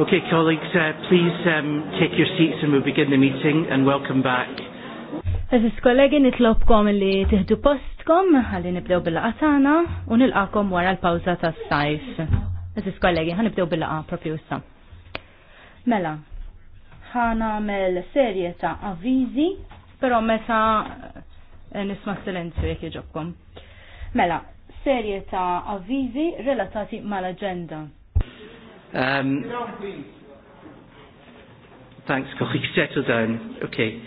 Okay, colleagues, uh, please um, take your seats and we'll begin the meeting and welcome back. Aziz kollegi nitlobkom li tiħdu postkom ħalli nibdew bil-qatana u nilqakom wara l-pawza tas-sajf. Aziz kollegi, ħanibdew bil-laqa propju issa. Mela, ħanamel serje ta' avvizi, pero meta eh, nisma' silenzju jekk jġobkom. Mela, serje ta' avvizi relatati mal-agenda Um, thanks, Kochi. Settle down. Okay.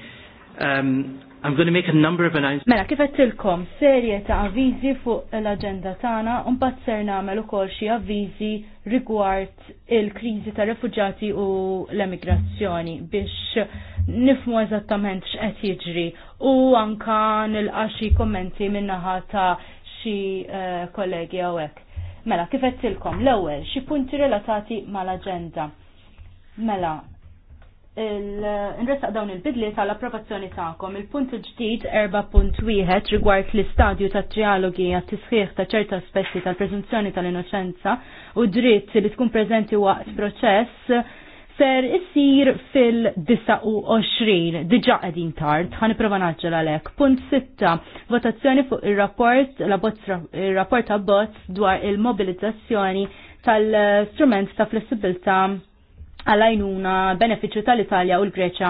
Um, I'm going to make a number of announcements. Mela, kif għettilkom serje ta' avvizi fuq l-agenda tana, bat ser namel ukoll xi avvizi rigward il-kriżi ta' refugjati u l-emigrazzjoni biex nifmu eżattament x'qed jiġri u anka nilqa' xi kommenti minnaħa ta' xi uh, kollegi hawnhekk. Mela, kif tilkom l-ewwel xi punti relatati mal-aġenda. Mela, Nressaq dawn il-bidli tal-approvazzjoni ta'kom. Il-punt ġdid 4.1 rigward l-istadju ta' trialogi għat tisħiħ ta' ċerta aspetti tal-prezunzjoni tal-innoċenza u dritt li tkun preżenti waqt proċess ser issir fil-29 diġa qegħdin tard ħan iprova naġġel għalhekk. Punt 6. Votazzjoni fuq ir-rapport ir-rapport bots dwar il-mobilizzazzjoni tal-strument ta' flessibilità għal-għajnuna beneficju tal-Italja u l-Greċja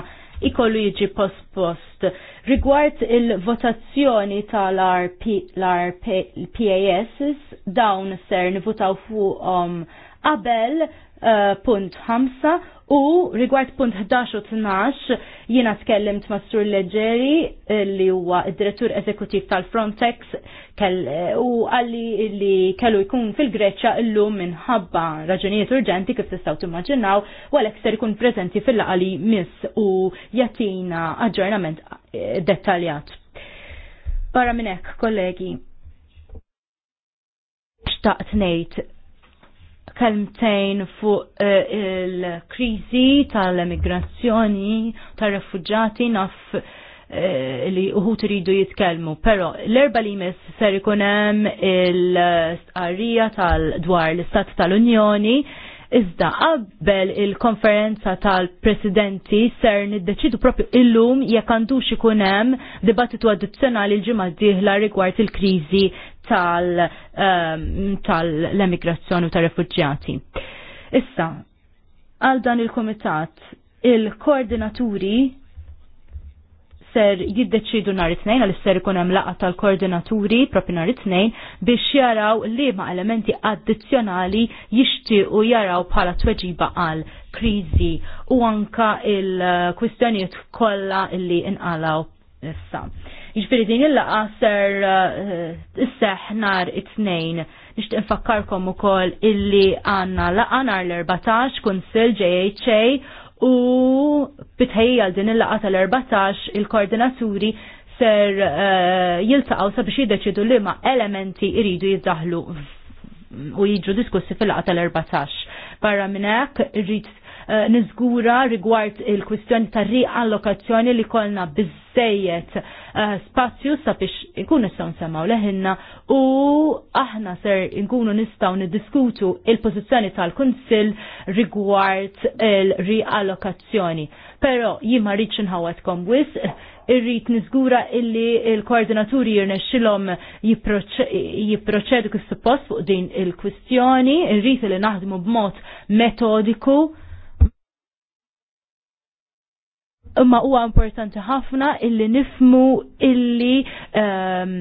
ikollu jiġi post-post. Rigward il-votazzjoni tal-PAS, dawn ser nivutaw fuq qabel uh, eh, punt 5 U rigward punt 11 u 12 jiena tkellimt t Sur Leġeri eh, li huwa id-direttur eżekutiv tal-Frontex eh, u għalli li kellu jkun fil-Greċja illum minħabba raġunijiet urġenti kif tistgħu timmaġinaw u għalhekk ser ikun preżenti fil-laqali miss u jagħtina aġġornament eh, dettaljat. Barra minn hekk, kollegi, xtaqt ngħid kalmtejn fuq eh, il-krizi tal-emigrazzjoni, tal-refugġati naf eh, li uħu iridu jitkelmu, pero l-erba li mis ser ikunem il-stqarrija tal-dwar l-Istat tal-Unjoni, iżda qabel il-konferenza tal-presidenti ser niddeċidu propju illum jekk għandux ikun hemm dibattitu addizzjonali l-ġimgħa d-dieħla rigward il-kriżi Ehm, tal-emigrazzjoni u tal-refugġjati. Issa, għal dan il-komitat, il-koordinaturi ser jiddeċidu nar it-tnejn għal ser ikun hemm laqgħa tal-koordinaturi propri nhar it-tnejn biex jaraw li ma' elementi addizzjonali jixtiequ jaraw bħala tweġiba għal kriżi u anka il-kwistjonijiet kollha li inqalaw issa. Ġifiri din il-laqa ser eh, isseħ nar it-tnejn. Nishtiq nfakkarkom ukoll illi għanna laqa nar l-14 kunsil JHA u bitħejja din il-laqa tal-14 il-koordinaturi ser eh, jiltaqaw sabiex jiddeċidu li ma elementi iridu jiddaħlu u jiġu diskussi fil-laqa tal-14. Barra minnek rrit Eh, niżgura rigward il-kwistjoni ta' riallokazzjoni li kolna biżejjed eh, spazju sabiex ikun nistgħu nsemmaw leħinna u aħna ser nkunu nistgħu niddiskutu il-pożizzjoni tal-Kunsill rigward il-riallokazzjoni. Però jien ma rridx inħawetkom wis irrit nizgura illi il-koordinaturi jirnexxilhom jipproċedu kif suppost fuq din il-kwistjoni, irrit li naħdmu b'mod metodiku imma huwa importanti ħafna illi nifmu illi ehm,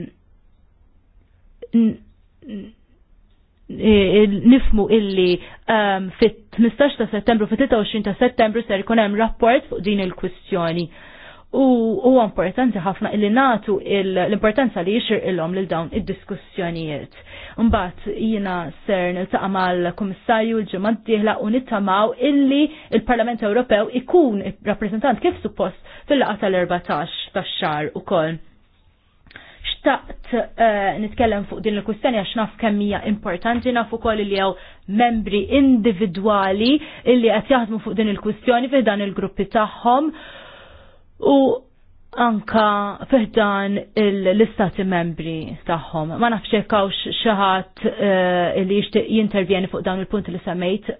nifmu illi ehm, fit-15 ta' settembru, fit-23 ta' settembru ser ikun hemm rapport fuq din il-kwistjoni u huwa importanti ħafna illi natu l-importanza li jixir illom lil dawn id-diskussjonijiet. Mbagħad jiena ser niltaqa' mal-Kummissarju l-ġimgħa d-dieħla u nittamaw illi il-Parlament Ewropew ikun rappreżentant kif suppost fil-laqgħa tal-14 tax-xahar ukoll. Xtaqt eh, nitkellem fuq din il-kustjoni għax naf kemm hija importanti naf ukoll li jew membri individwali illi qed jaħdmu fuq din il-kustjoni fih dan il-gruppi tagħhom u anka fiħdan l-istati membri tagħhom. Ma nafx jekkawx xi ħadd eh, li jixtieq jintervjeni fuq dawn il-punti li semmejt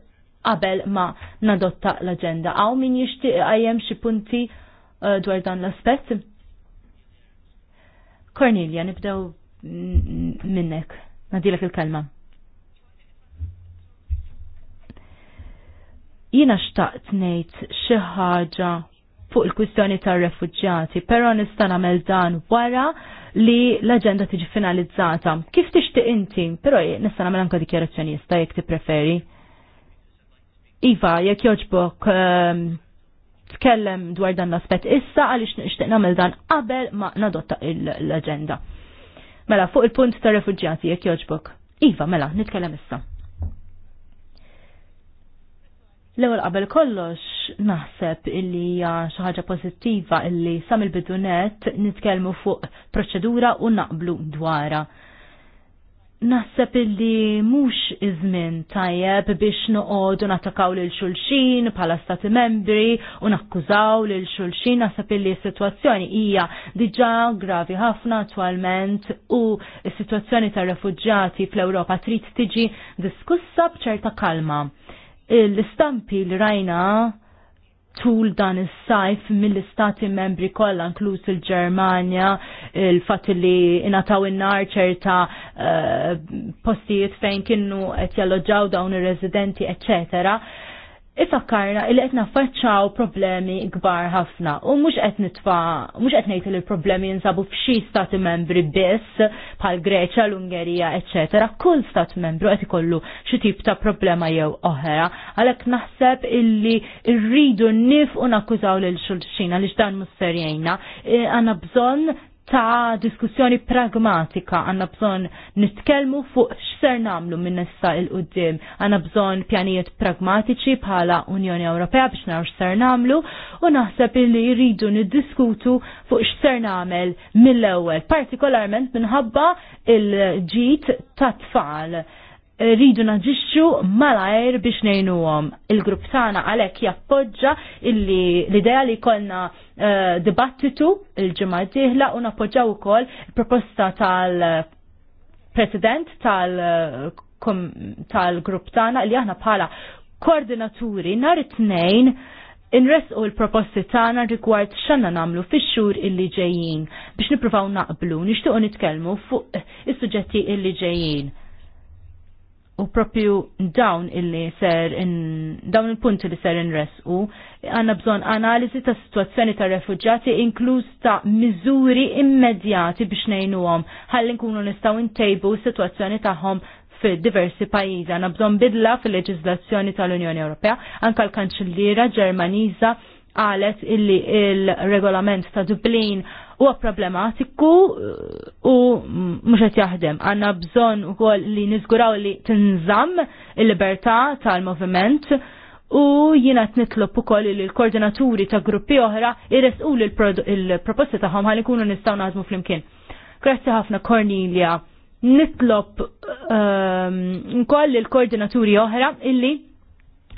qabel ma nadotta l-aġenda. Għaw min jixtieq għajem xi punti eh, dwar dan l-aspett? Cornelia, nibdew minnek. Nadilek il-kelma. Jina xtaqt ngħid xi ħaġa fuq il-kwistjoni tar-refuġġjati, però nista' nagħmel dan wara li l-aġenda tiġi finalizzata. Kif tixtieq inti, però nista' nagħmel anke jista' jekk tippreferi. Iva, jekk joġbok ehm, tkellem dwar dan l aspet issa għaliex nixtieq nagħmel dan qabel ma nadotta l-aġenda. Mela, fuq il-punt tar-refuġġjati jekk joġbok. Iva, mela, nitkellem issa. L-ewwel qabel kollox naħseb illi hija xi ħaġa pożittiva illi sam il-bidunet nitkellmu fuq proċedura u naqblu dwara. Naħseb illi mhux iż-żmien tajjeb biex noqogħdu natakaw lil xulxin bħala stati membri u nakkużaw lil xulxin naħseb illi s-sitwazzjoni hija diġà gravi ħafna attwalment u s-sitwazzjoni tar-refuġġjati fl-Ewropa trid tiġi diskussa b'ċerta kalma l-istampi li rajna tul dan is-sajf mill-istati membri kollha inkluż il-Ġermanja, il-fatt li ingħataw in-nar ċerta eh, postijiet fejn kienu qed jalloġġaw dawn ir-residenti, eċċetera ifakkarna il qed naffaċċaw problemi kbar ħafna u mhux qed nitfa mhux qed ngħid li l-problemi jinsabu f'xi stati membri biss bħal Greċja, l-Ungerija, eċetera. Kull stat membru qed ikollu xi tip ta' problema jew oħra, għalhekk naħseb illi rridu nif u nakkużaw lil xulxin għaliex dan mhux jgħinna. Eh, għandna bżonn ta' diskussjoni pragmatika għanna bżon nitkelmu fuq x'ser namlu minn issa il qudiem għanna bżon pjanijiet pragmatiċi bħala Unjoni Ewropea biex naraw x'ser namlu u naħseb li jridu niddiskutu fuq x'ser namel mill-ewwel, partikolarment minħabba il-ġit ta' tfal rridu naġixxu malajr biex għom. Il-grupp tagħna għalhekk jappoġġa illi l-idea li kolna uh, eh, dibattitu il-ġimgħa u dieħla u nappoġġaw ukoll proposta tal-President tal-grupp tal tagħna li aħna bħala koordinaturi nhar it-tnejn Inres u l-proposti tagħna rigward x'għandna nagħmlu fix-xhur illi ġejjin biex nippruvaw naqblu nixtiequ nitkellmu fuq is-suġġetti illi ġejjin u propju dawn illi ser in, dawn il-punti li ser u għanna bżon analizi ta' situazzjoni ta' refugjati inkluż ta' miżuri immedjati biex għom. ħalli nkunu nistgħu ntejbu s-situazzjoni tagħhom fil-diversi pajjiżi. Għanna bżon bidla fil-leġislazzjoni tal-Unjoni Ewropea, anka l-Kanċilliera Ġermaniża għalet illi il-regolament ta' Dublin huwa problematiku uh, u mhux qed jaħdem. Għandna bżonn ukoll li niżguraw li tinżamm il-libertà tal-moviment u jiena qed nitlob ukoll li l-koordinaturi ta' gruppi oħra jresqu il-proposti tagħhom ħalli nkunu nistgħu nażmu flimkien. Grazzi ħafna Cornelia. Nitlob um, ukoll il-koordinaturi oħra illi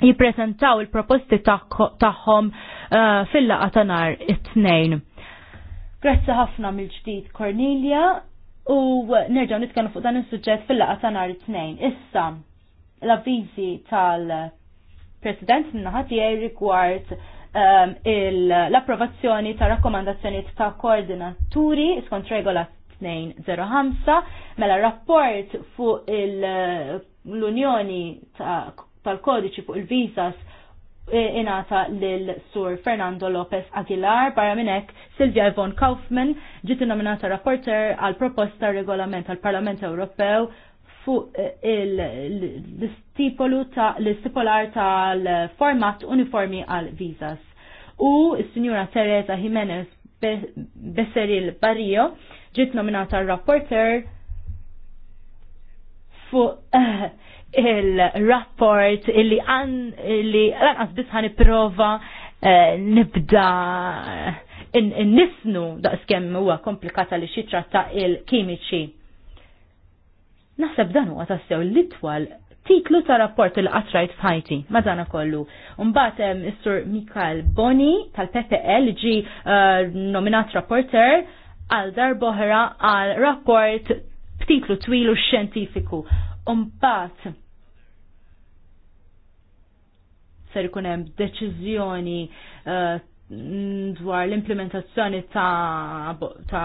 jipresentaw il-proposti tagħhom uh, fil-laqa ta' nhar it-tnejn. Grazzi ħafna mill-ġdid Cornelia u nerġgħu nitkellmu fuq dan is-suġġett fil-laqgħa ta' nhar it-tnejn. Issa l-avviżi tal-President minnaħa tiegħi rigward um, l-approvazzjoni ta' rakkomandazzjonijiet ta' koordinaturi skont regola 205 mela rapport fuq l-Unjoni tal-Kodiċi fuq il-Visas E, inata lil-sur Fernando Lopez Aguilar, barra minnek Silvia Yvonne Kaufman, ġiet nominata rapporter għal proposta regolament għal Parlament Ewropew fuq e, l l-istipolar tal-format uniformi għal visas. U s signora Teresa Jimenez Besseril Barrio ġiet nominata rapporter fuq eh, il-rapport illi għan illi lanqas biss ħan iprova eh, nibda eh, nisnu daqskemm huwa komplikata li xi tratta il-kimiċi. Naħseb dan huwa tassew l-itwal titlu ta' rapport il qatrajt f'ħajti, madana kollu. Umbat eh, Mr. Mikael Boni tal-PPL ġi nominat rapporter għal darboħra għal rapport titlu twilu xjentifiku Umbat ser ikun hemm deċiżjoni eh, dwar l-implementazzjoni ta', ta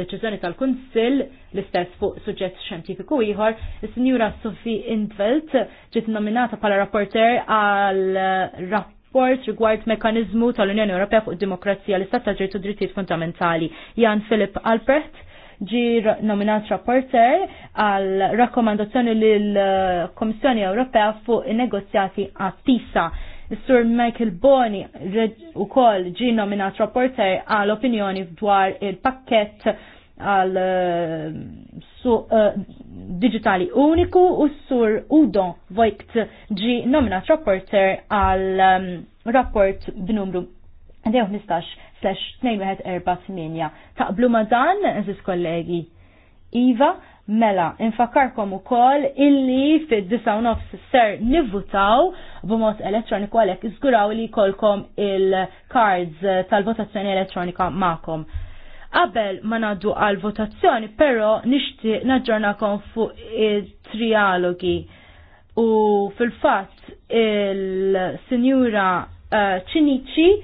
deċiżjoni tal-Kunsill l-istess fuq suġġett xjentifiku ieħor, is-Sinjura Sophie Intvelt ġiet nominata bħala rapporter għal rapport rigward mekanizmu tal-Unjoni Ewropea fuq demokrazija l-istat tal-ġejtu drittijiet fundamentali. Jan Filip Albrecht ġi nominat rapporter għal rakkomandazzjoni lill-Komissjoni Ewropea fuq in-negozjati għat-tisa. Sur Michael Boni u kol ġi nominat rapporter għal opinjoni dwar il-pakket għal eh, su, uh, digitali uniku u sur Udo Vojkt ġi nominat rapporter għal um, rapport b'numru 2015-2148. Taqblu ma dan, eżis kollegi. Iva, mela, infakarkom u kol illi fid 19 nofs ser nivvutaw b'mod elettroniku għalek izguraw li kolkom il-cards tal-votazzjoni elettronika ma'kom. Qabel ma naddu għal votazzjoni, pero nixti naġġornakom fuq il-trialogi u fil-fatt il-sinjura ċinici eh,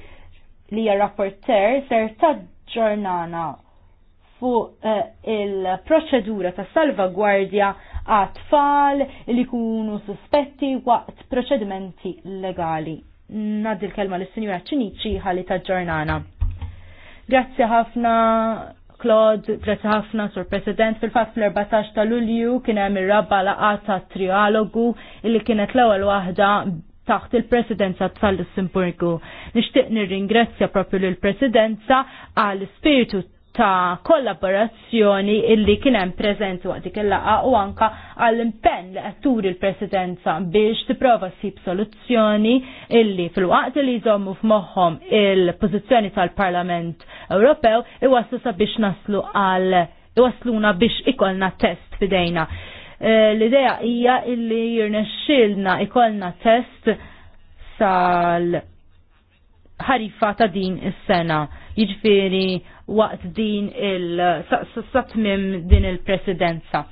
li hija rapporter ser taġġornana fuq uh, il-proċedura ta' salvagwardja għat-tfal li kunu suspetti waqt proċedimenti legali. Naddi l-kelma l-Sinjura Ċiniċi ħalli taġġornana. Grazzi ħafna Claude, grazzi ħafna Sur President, fil-fatt fl-14 ta' Lulju kien hemm ir-rabba laqgħa ta' trialogu illi kienet l-ewwel waħda taħt il-presidenza ta' lussemburgu Nishtiq nirringrazzja propju l-presidenza għal spiritu ta' kollaborazzjoni illi kienem prezent waqt dik il-laqa u anka għall impenn li għattur il-presidenza biex tipprova sib soluzzjoni illi fil-waqt li jżommu f'moħħom il-pożizzjoni tal-Parlament Ewropew iwaslu biex naslu għal iwasluna biex ikolna test fidejna. Eh, l-idea hija illi jirnexxilna ikolna test sal ħarifa ta' din is-sena. Jiġifieri waqt din il-satmim din il-presidenza.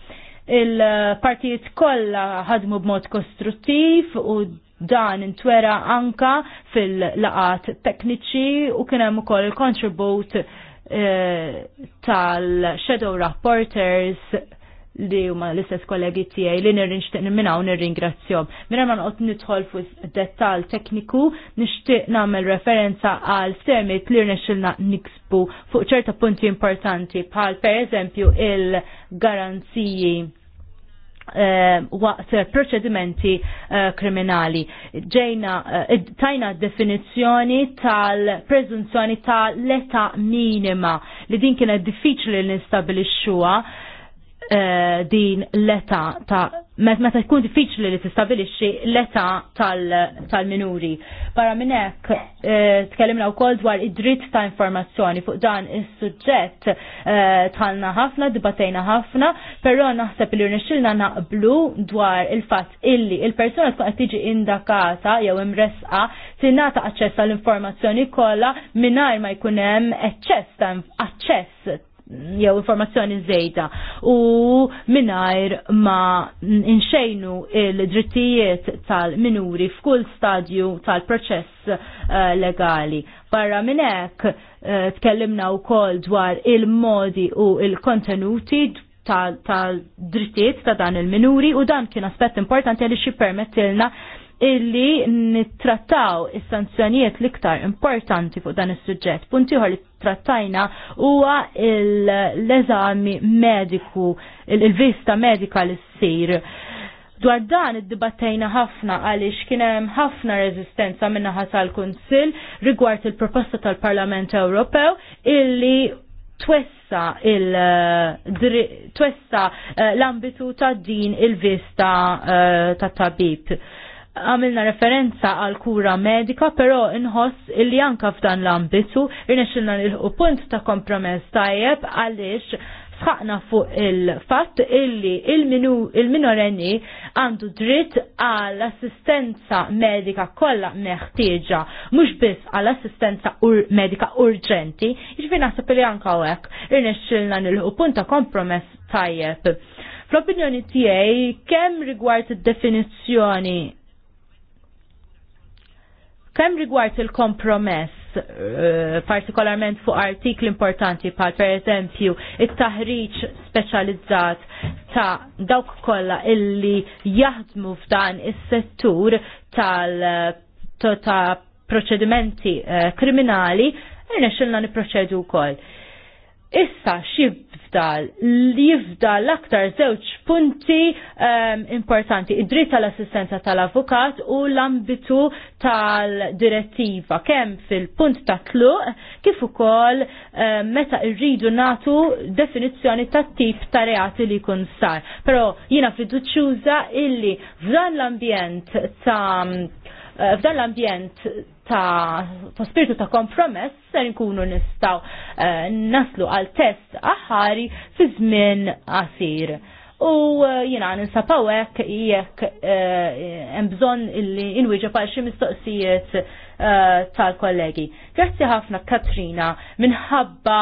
Il-partijiet kollha ħadmu b'mod kostruttiv u dan intwera anka fil-laqat tekniċi u kien hemm ukoll il-contribute eh, tal-shadow rapporters li huma l-istess kollegi tiegħi li nirrinxtieq minnaw nirringrazzjom. Mira ma noqgħod nidħol fuq dettall tekniku, nixtieq nagħmel referenza għal semit li rnexxilna niksbu fuq ċerta punti importanti bħal pereżempju il-garanziji eh, waqt proċedimenti eh, kriminali. Ġejna, eh, tajna definizjoni tal-prezunzjoni tal-leta minima li din kienet diffiċli l nistabilixxuha Eh, din l-età ta' meta tkun diffiċli li tistabilixxi l-età tal-minuri. Barra minn hekk eh, tkellimna wkoll dwar id-dritt ta' informazzjoni fuq dan is-suġġett eh, tħallna ħafna, dibatejna ħafna, però naħseb li rnexxilna naqblu dwar il-fatt illi il-persuna tkun qed tiġi indakata jew imresqa tingħata aċċess għall-informazzjoni kollha mingħajr ma jkun hemm eċċess ta' aċċess jew informazzjoni żejda u mingħajr ma inxejnu il-drittijiet tal-minuri f'kull stadju tal-proċess eh, legali. Barra minn hekk eh, tkellimna wkoll dwar il-modi u il-kontenuti tal-drittijiet ta' dan il-minuri u dan kien aspett importanti għaliex jippermettilna permettilna illi nittrattaw is-sanzjonijiet l-iktar importanti fuq dan is-suġġett. Punt ieħor li trattajna huwa l-eżami mediku, il-vista medika li ssir. Dwar dan id ħafna għaliex kien hemm ħafna reżistenza naħa tal-Kunsill rigward il-proposta tal-Parlament Ewropew illi twessa il twessa eh, l-ambitu ta' din il-vista eh, ta' tabib għamilna referenza għal kura medika, pero inħoss illi anka f'dan l-ambitu irnexilna l punt ta' kompromess tajjeb għaliex sħaqna fuq il-fatt illi il-minorenni il għandu dritt għall assistenza medika kollha meħtieġa, mhux biss għall assistenza ur medika urġenti, jiġifieri naħseb li anke hekk irnexxilna nilħu punta kompromess tajjeb. Fl-opinjoni tiegħi kemm rigward id-definizzjoni Kemm rigward il-kompromess, eh, partikolarment fuq artikli importanti pal per eżempju il taħriġ speċjalizzat ta' dawk kollha illi jaħdmu f'dan is-settur tal ta' proċedimenti uh, kriminali, irnexxilna niproċedu wkoll Issa xibdal li jifdal l-aktar żewġ punti um, importanti, id-dritt tal-assistenza tal-avukat u l-ambitu tal-direttiva, kemm fil-punt ta' tluq kif ukoll um, meta rridu natu definizzjoni ta' tip ta' reati li kun sar. Però jiena fiduċjuża illi f'dan l-ambjent ta' Eh, f'dan l-ambjent ta', ta spiritu ta' kompromess ser nkunu nistaw eh, naslu għal test aħari fi żmien qasir. U eh, jina ninsapaw hekk jekk hemm bżonn inwieġa għal xi mistoqsijiet tal-kollegi. Grazzi ħafna Katrina minħabba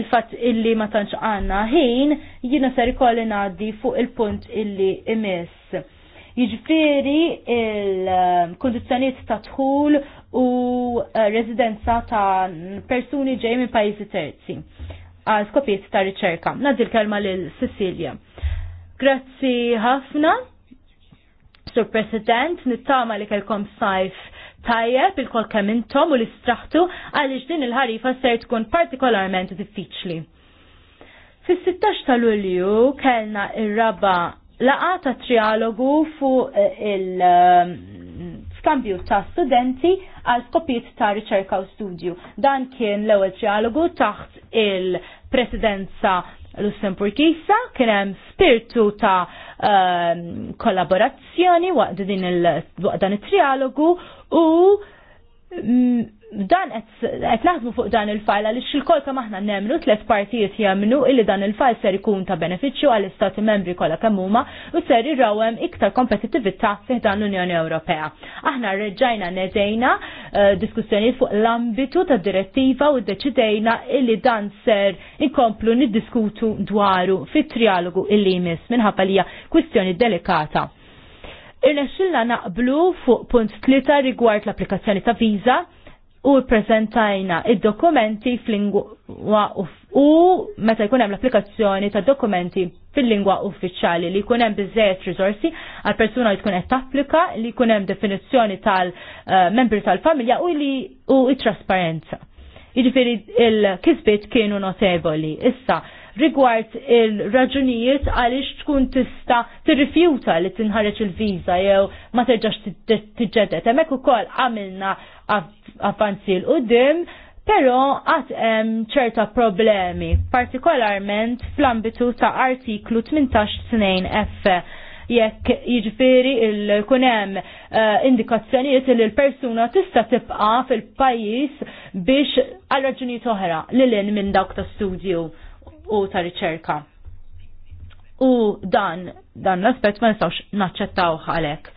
il-fatt illi ma tantx għandna ħin jiena ser ikolli ngħaddi fuq il-punt illi imiss Jiġifieri il kundizzjonijiet ta' dħul u eh, residenza ta' persuni ġej minn pajjiżi terzi għal skopijiet ta' riċerka. Nadil kelma lil Cecilia. Grazzi ħafna, Sur President, nittama li kelkom sajf tajjeb il-kol kemm intom u l-istraħtu għaliex din il-ħarifa ser tkun partikolarment diffiċli. Fis-16 ta' Lulju kellna ir-raba Laqata trialogu fuq eh, il-skambju eh, ta' studenti għal skopijiet ta' riċerka u studju. Dan kien l-ewwel trialogu taħt il-presidenza Lussemburgisa kien hemm spiritu ta' eh, kollaborazzjoni waqt din il waqt dan it-trialogu u mm, dan qed naħdmu fuq dan il-fajl għaliex il-kol kemm aħna nemmnu tliet partijiet jemmnu illi dan il-fajl ser ikun ta' benefiċċju għall istati membri kollha kemm huma u ser irrawhem iktar kompetittività fih dan l-Unjoni Ewropea. Aħna reġgħajna nedejna eh, diskussjonijiet fuq l-ambitu tad direttiva u ddeċidejna illi dan ser inkomplu niddiskutu dwaru fit-trialogu illi jmiss minħabba li hija kwistjoni delikata. Irnexxilna naqblu fuq punt tlieta rigward l-applikazzjoni ta' viża u prezentajna id-dokumenti fil-lingwa u meta jkun hemm l-applikazzjoni ta' dokumenti fil-lingwa uffiċjali li jkun hemm biżejjed riżorsi għal persuna li tkun qed tapplika, li jkun hemm definizzjoni tal-membri eh, tal-familja u li u t trasparenza Jiġifieri il-kisbiet kienu notevoli. Issa, rigward il-raġunijiet għaliex tkun tista tirrifjuta li tinħareġ il-viża jew ma terġax tiġġedet. Hemmhekk ukoll għamilna avvanzi l-qudiem, però għat hemm ċerta problemi, partikolarment fl-ambitu ta' artiklu 18 F jekk jiġifieri il-kun hemm uh, indikazzjonijiet li l-persuna tista' tibqa' fil-pajjiż biex għal raġunijiet oħra lil minn dawk ta' studju u ta' riċerka. U dan, dan l-aspet ma nistawx naċċettaw għalek.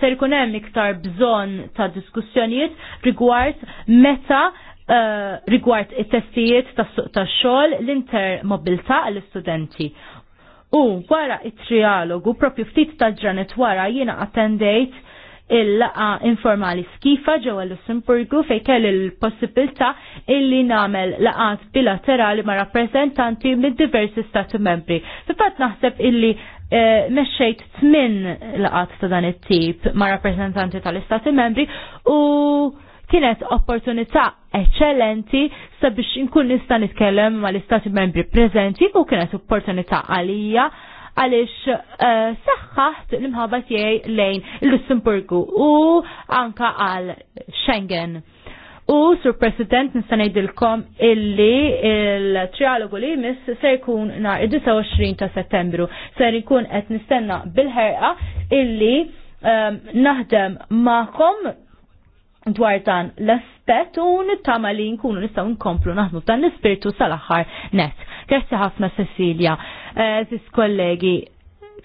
Ser kunem hemm iktar bżonn ta' diskussjonijiet rigward meta uh, rigward it-testijiet tas-suq tax-xogħol l-intermobilità għall-istudenti. U wara it-trialogu propju ftit tal-ġranet wara jiena attendejt il-laqa informali skifa ġewwa Lussemburgu fejn kell il-possibilità illi nagħmel laqat bilaterali ma' rappreżentanti minn diversi stati membri. fil naħseb illi eh, mexxejt tmin laqat ta' dan it-tip ma' rappresentanti tal-istati membri u kienet opportunità eccellenti sabiex inkun nista nitkellem ma l-istati membri prezenti u kienet opportunità għalija għaliex eh, saħħaħt l-imħabba tiegħi lejn Lussemburgu u anka għal Schengen. U, Sur President, nista' ngħidilkom illi il-trialogu li jmiss se jkun nhar id-29 ta' settembru. Se jkun qed nistenna bil-ħerqa illi um, naħdem magħkom dwar dan l-aspett u nittama li nkunu nistgħu nkomplu naħdmu dan l-ispirtu sal-aħħar net. Grazie ħafna Cecilia sis kollegi,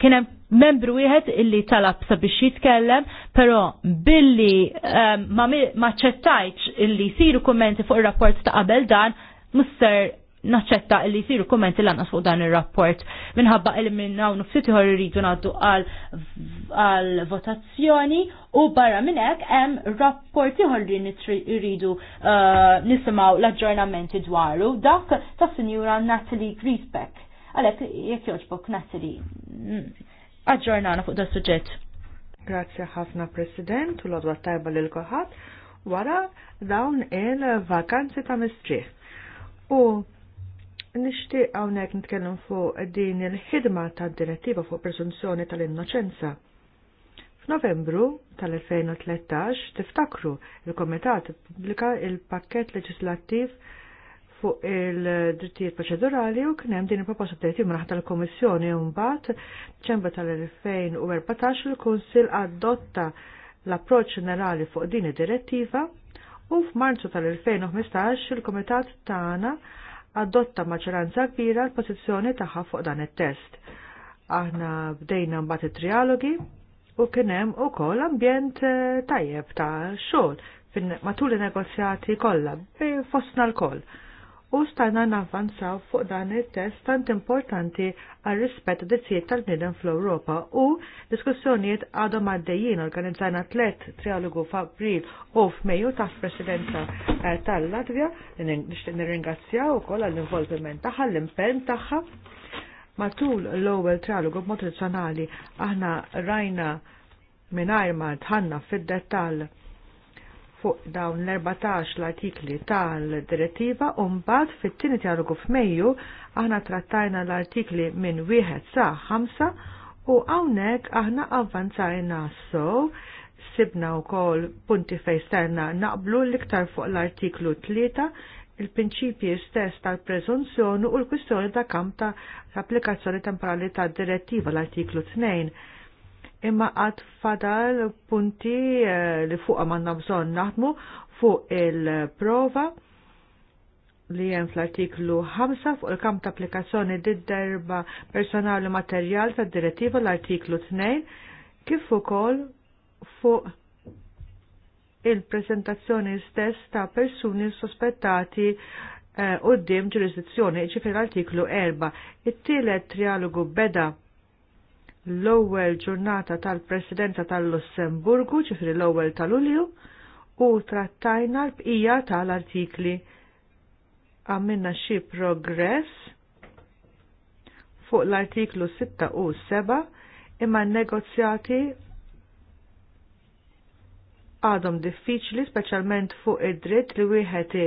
kienem membru wieħed illi talab sabiex jitkellem, pero billi ehm, ma ċettajċ illi siru kommenti fuq il-rapport ta' qabel dan, musser naċċetta illi jisiru kommenti lanqas fuq dan ir-rapport minħabba li minn hawn ftit ieħor iridu ngħaddu għal votazzjoni u barra minn hekk hemm rapport ieħor li eh, nisimgħu l-aġġornamenti dwaru dak tas Sinjura Natalie Griesbeck Għalek, jek joġbok nasri, mm, aġġornana fuq da suġġett. Grazie ħafna President u l-odwa tajba l kulħadd wara dawn il-vakanzi ta' mistrieħ. U nixtieq hawnhekk nitkellem fuq din il-ħidma tad-direttiva fuq presunzjoni tal-innoċenza. F'Novembru tal-2013 tiftakru il-Komitat pubblika il-pakket leġislattiv fuq il-drittijiet proċedurali u kien hemm din il-proposta tgħid imraħ tal kummissjoni u mbagħad ċembra tal-2014 il-Kunsill adotta l-approċċ ġenerali fuq din id-direttiva u f'Marzu tal-2015 il-Kumitat tagħna adotta maġġoranza kbira l-pożizzjoni tagħha fuq dan it-test. Aħna bdejna mbagħad it-trialogi u kien hemm ukoll ambjent eh, tajjeb ta' xogħol matul in-negozjati kollha, fostna l-koll u stajna navvanzaw fuq dan il-test tant importanti għal rispett d-dizziet tal-bnidem fl-Europa u diskussjonijiet għadhom għaddejjien organizzajna tlet trialogu f'April u f'Mejju taħt presidenza eh, tal-Latvja li nirringrazzjaw ukoll għall-involviment tagħha, l-impenn tagħha. Matul l-ewwel trialogu b'mod tradizzjonali aħna rajna mingħajr ma tħanna fid-dettall fuq dawn l-14 l-artikli tal-direttiva u mbagħad fit-tieni dialogu f'Mejju aħna trattajna l-artikli minn wieħed sa ħamsa u hawnhekk aħna avvanzajna so sibna wkoll punti fejn stajna naqblu l-iktar fuq l-artiklu 3 il-prinċipji stess tal preżunzjoni u l-kwistjoni ta' kamp ta' applikazzjoni temporali tad direttiva l-artiklu 2 imma għad fadal punti eh, li fuq manna bżon naħdmu fuq il-prova li jen fl-artiklu 5 fuq il-kamp ta' applikazzjoni d derba personali materjal ta' direttiva l-artiklu 2 kif ukoll fuq il-prezentazzjoni stess ta' persuni sospettati eh, u uh, d-dim ġurisdizzjoni ġifir l-artiklu 4. It-tielet trialogu beda l-ewwel ġurnata tal-Presidenza tal-Lussemburgu, ġifri l-ewwel tal-Ulju, u trattajna l-bqija tal-artikli. Għamilna xi progress fuq l-artiklu 6 u 7 imma negozjati għadhom diffiċli speċjalment fuq id-dritt li wieħed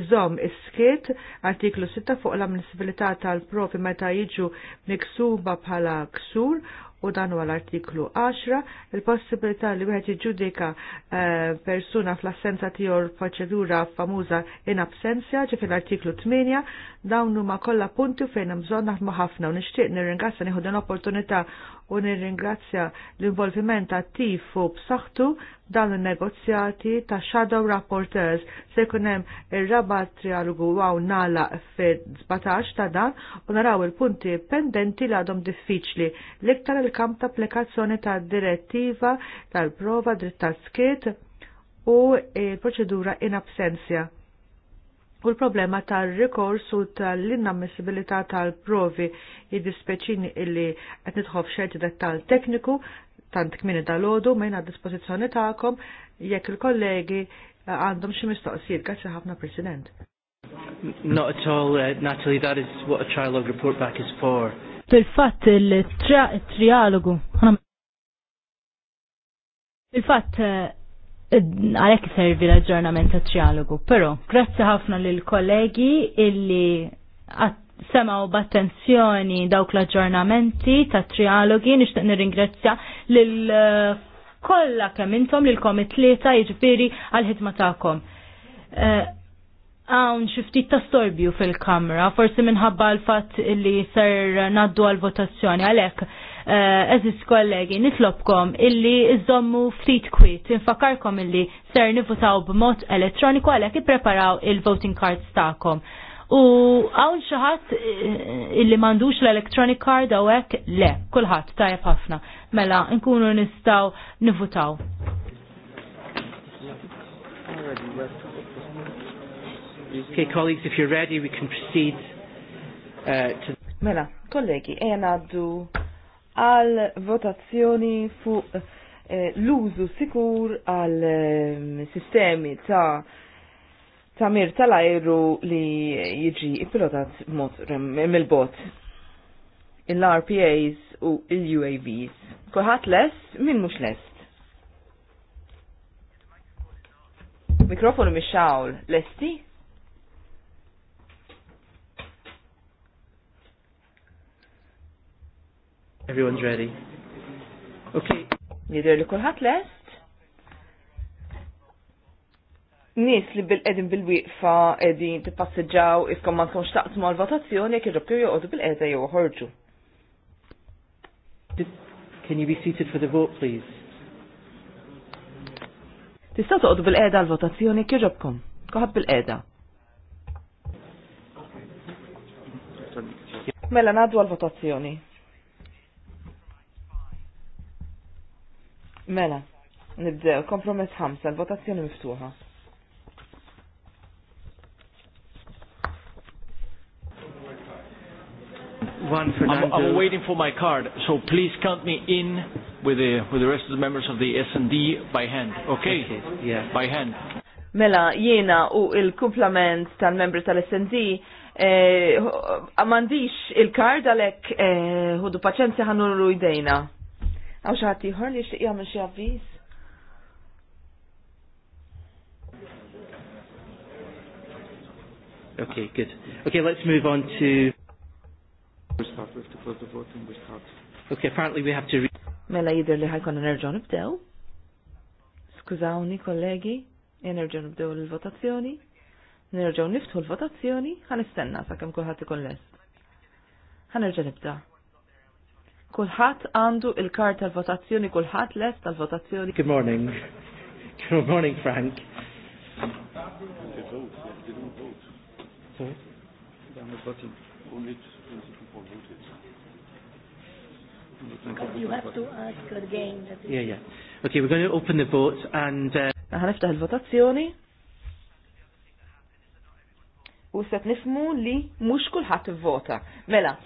iżomm is-skiet artiklu 6 fuq l-ammissibilità tal-profi meta jiġu miksuba bħala ksur u dan huwa l-artiklu 10 il-possibilità li wieħed jiġġudika eh, persuna fl-assenza tiegħu l-proċedura famuża in absenzja ġif l artiklu 8 dawn huma kollha punti fejn hemm bżonn naħdmu ħafna u nixtieq nirringrazzja nieħu dan l-opportunità u nirringrazzja l-involviment attiv u b'saħħtu dan il-negozjati ta' Shadow Rapporteurs se jkun hemm ir-raba trialogu għaw nala fid-17 ta' dan u naraw il-punti pendenti li għadhom diffiċli l-iktar il-kamp ta' applikazzjoni ta' direttiva tal-prova dritt tal-skiet u il-proċedura in absenzja u l-problema tal-rikors u tal-innammissibilità tal-provi jiddispeċini illi qed nitħof xerti dettal tekniku tant kmini dal-ħodu mejna dispozizjoni ta'kom jekk il-kollegi eh, għandhom xi mistoqsijiet grazzi ħafna President. Not at all, uh, Natalie, that is what a trialogue report back is for. Fil-fatt il-trialogu. il fatt eh, għalhekk servi l-aġġornament ta' trialogu. Però, grazzi ħafna l kollegi illi semaw b'attenzjoni dawk l-aġġornamenti ta' trialogi, nixtieq nirringrazzja lil eh, kollha kemm intom lil komitlieta jiġifieri għall-ħidma tagħkom. Eh, hawn xi ftit ta' storbju fil-kamra, forsi minħabba l-fatt li ser naddu għal-votazzjoni għalhekk Eh, eżis kollegi, nitlobkom illi iżommu ftit kwit, infakarkom illi ser nivutaw b'mod elettroniku għalhekk ippreparaw il-voting cards tagħkom. U għawn xaħat eh, illi mandux l-electronic card għawek le, kullħat tajab ħafna. Mela, nkunu nistaw nivutaw. Okay, colleagues, if you're ready, we can proceed uh, to... Mela, kollegi, ejna għaddu għal votazzjoni fuq eh, l-użu sikur għal eh, sistemi ta' tamir tal-ajru li jiġi pilotat mod mill-bot. Il-RPAs u il-UAVs. Kuħat lest, min mux lest. Mikrofonu xawl, lesti? Everyone's ready. Okay. Nidir li kullħat lest. Nis li bil-edin bil-wiqfa edin t-passeġaw ifkom ma tkunx taqsmu għal-votazzjoni jek irrobtu joqdu bil-edha jew ħorġu. Can you be seated for the vote, please? Tista' toqgħodu bil-qeda għall votazzjoni kieġobkom. Koħab bil-qeda. Mela ngħaddu għal-votazzjoni. Mela, nibdew, kompromess ħamsa, l-votazzjoni miftuħa. I'm, I'm waiting for my card, so please count me in with the with the rest of the members of the S&D by hand. Okay? yeah. By hand. Mela, jiena u il-kumplament tal-membri tal-SND eh, amandix il-kard għalek eh, hudu paċenzi ħannu l-rujdejna. Għaw xaħti ħor li xtiqja minn xie avviz? Okay, good. Okay, let's move on to... We start with the close vote and we start. Okay, apparently we have to... Mela jider li ħajkon nerġon nibdew. Skużawni, kollegi, nerġon nibdew l-votazzjoni. Nerġon niftħu l-votazzjoni, ħanistenna sa' kem kullħat ikon lest. ħanerġa nibda. Kulħadd għandu il-kart tal-votazzjoni, kulħadd les tal-votazzjoni. Good morning. Good morning, Frank. You have to ask again. Yeah, yeah. Okay, we're going to open the vote and... Uh, votazzjoni U set nifmu li mux kullħat vota. Mela,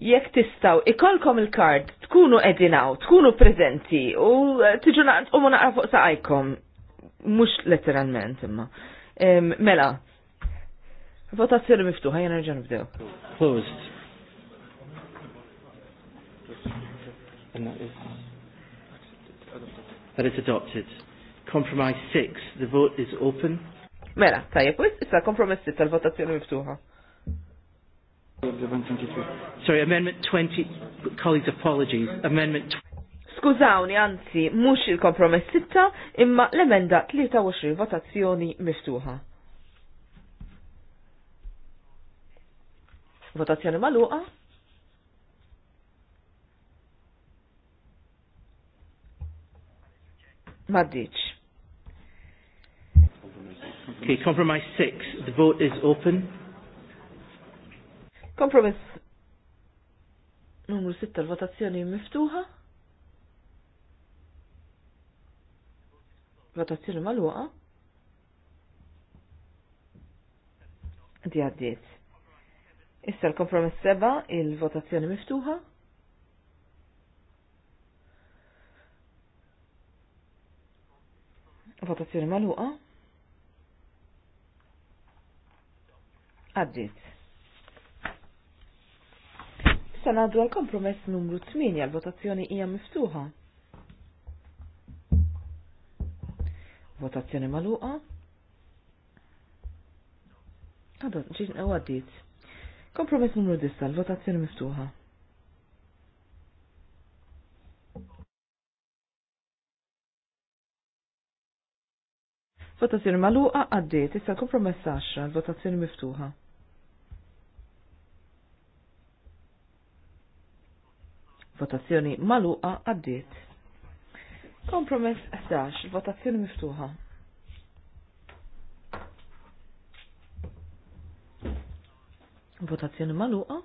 jekk tistaw ikolkom il-kard, tkunu edinaw, tkunu prezenti u eh, tiġu u mu naqra fuq saqajkom. Mux letteralment imma. Mela, votazzjoni miftuħa, jena rġan bdew. Closed. And that is, that is adopted. Compromise 6, the vote is open. Mela, tajja, issa six tal-votazzjoni miftuħa. Sorry, Amendment 20, colleagues, apologies. Amendment 20. Skużawni, anzi, mux il-kompromess 6, imma l-emenda 23 votazzjoni miftuħa. Votazzjoni maluqa? Maddiċ. Okay, compromise 6. The vote is open. Kompromiss. numru 6 votazzjoni miftuħa. Votazzjoni mal-waqa. Di għaddiet. Issa l kompromiss seba, il-votazzjoni miftuħa. Votazzjoni maluqa. Għaddiet. Sanadu għal kompromess numru 8 għal votazzjoni hija miftuħa. Votazzjoni magħluqa. Għadu, ġin għaddit. Kompromess numru 10 għal votazzjoni miftuħa. Votazzjoni magħluqa għaddiet, issa kompromess 10 għal votazzjoni miftuħa. Votazzjoni maluqa għaddiet. Kompromess 11, votazzjoni miftuħa. Votazzjoni maluqa?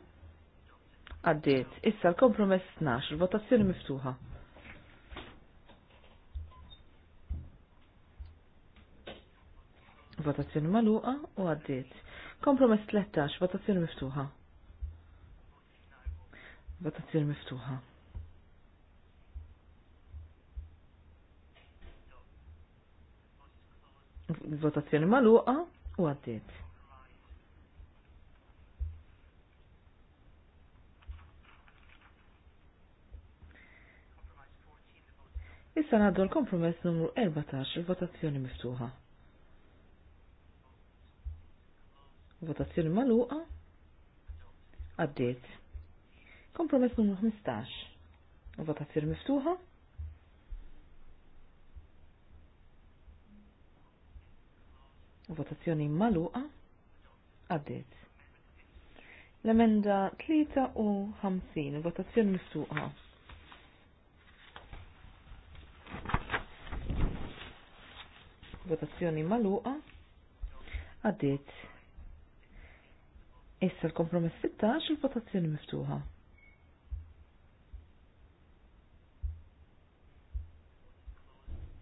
Għaddiet. Issa l-kompromess 12, votazzjoni miftuħa. Votazzjoni maluqa u għaddiet. Kompromess 13, votazzjoni miftuħa. Votazzjoni miftuħa. Votazzjoni maluqa u għaddiet. Issa għaddu l-kompromess numru 14, votazzjoni miftuħa. Votazzjoni maluqa, għaddiet. Kompromess numru 15. Votazzjoni miftuħa. Votazzjoni maluqa. Għaddit. L-emenda 53. Votazzjoni miftuħa. Votazzjoni maluqa. Għaddit. Issa l-kompromess 16 il-votazzjoni miftuħa.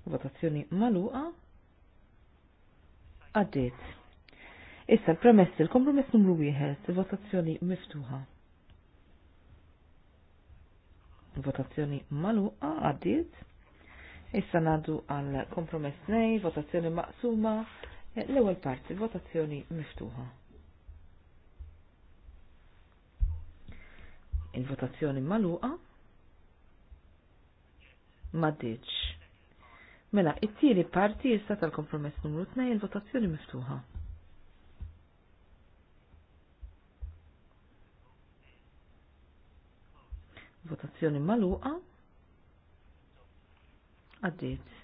Votazzjoni maluqa. Għaddit. Issa l-premess, il-kompromess numru wieħed, votazzjoni miftuħa. Votazzjoni maluqa għaddit. Issa nadu għal kompromess nej, votazzjoni maqsuma, l-ewwel parti, votazzjoni miftuħa. Il-votazzjoni maluqa ma ditx. Mela, it-tieni parti issa tal-kompromess numru 2 il-votazzjoni miftuħa. Votazzjoni maluqa. Għaddiet.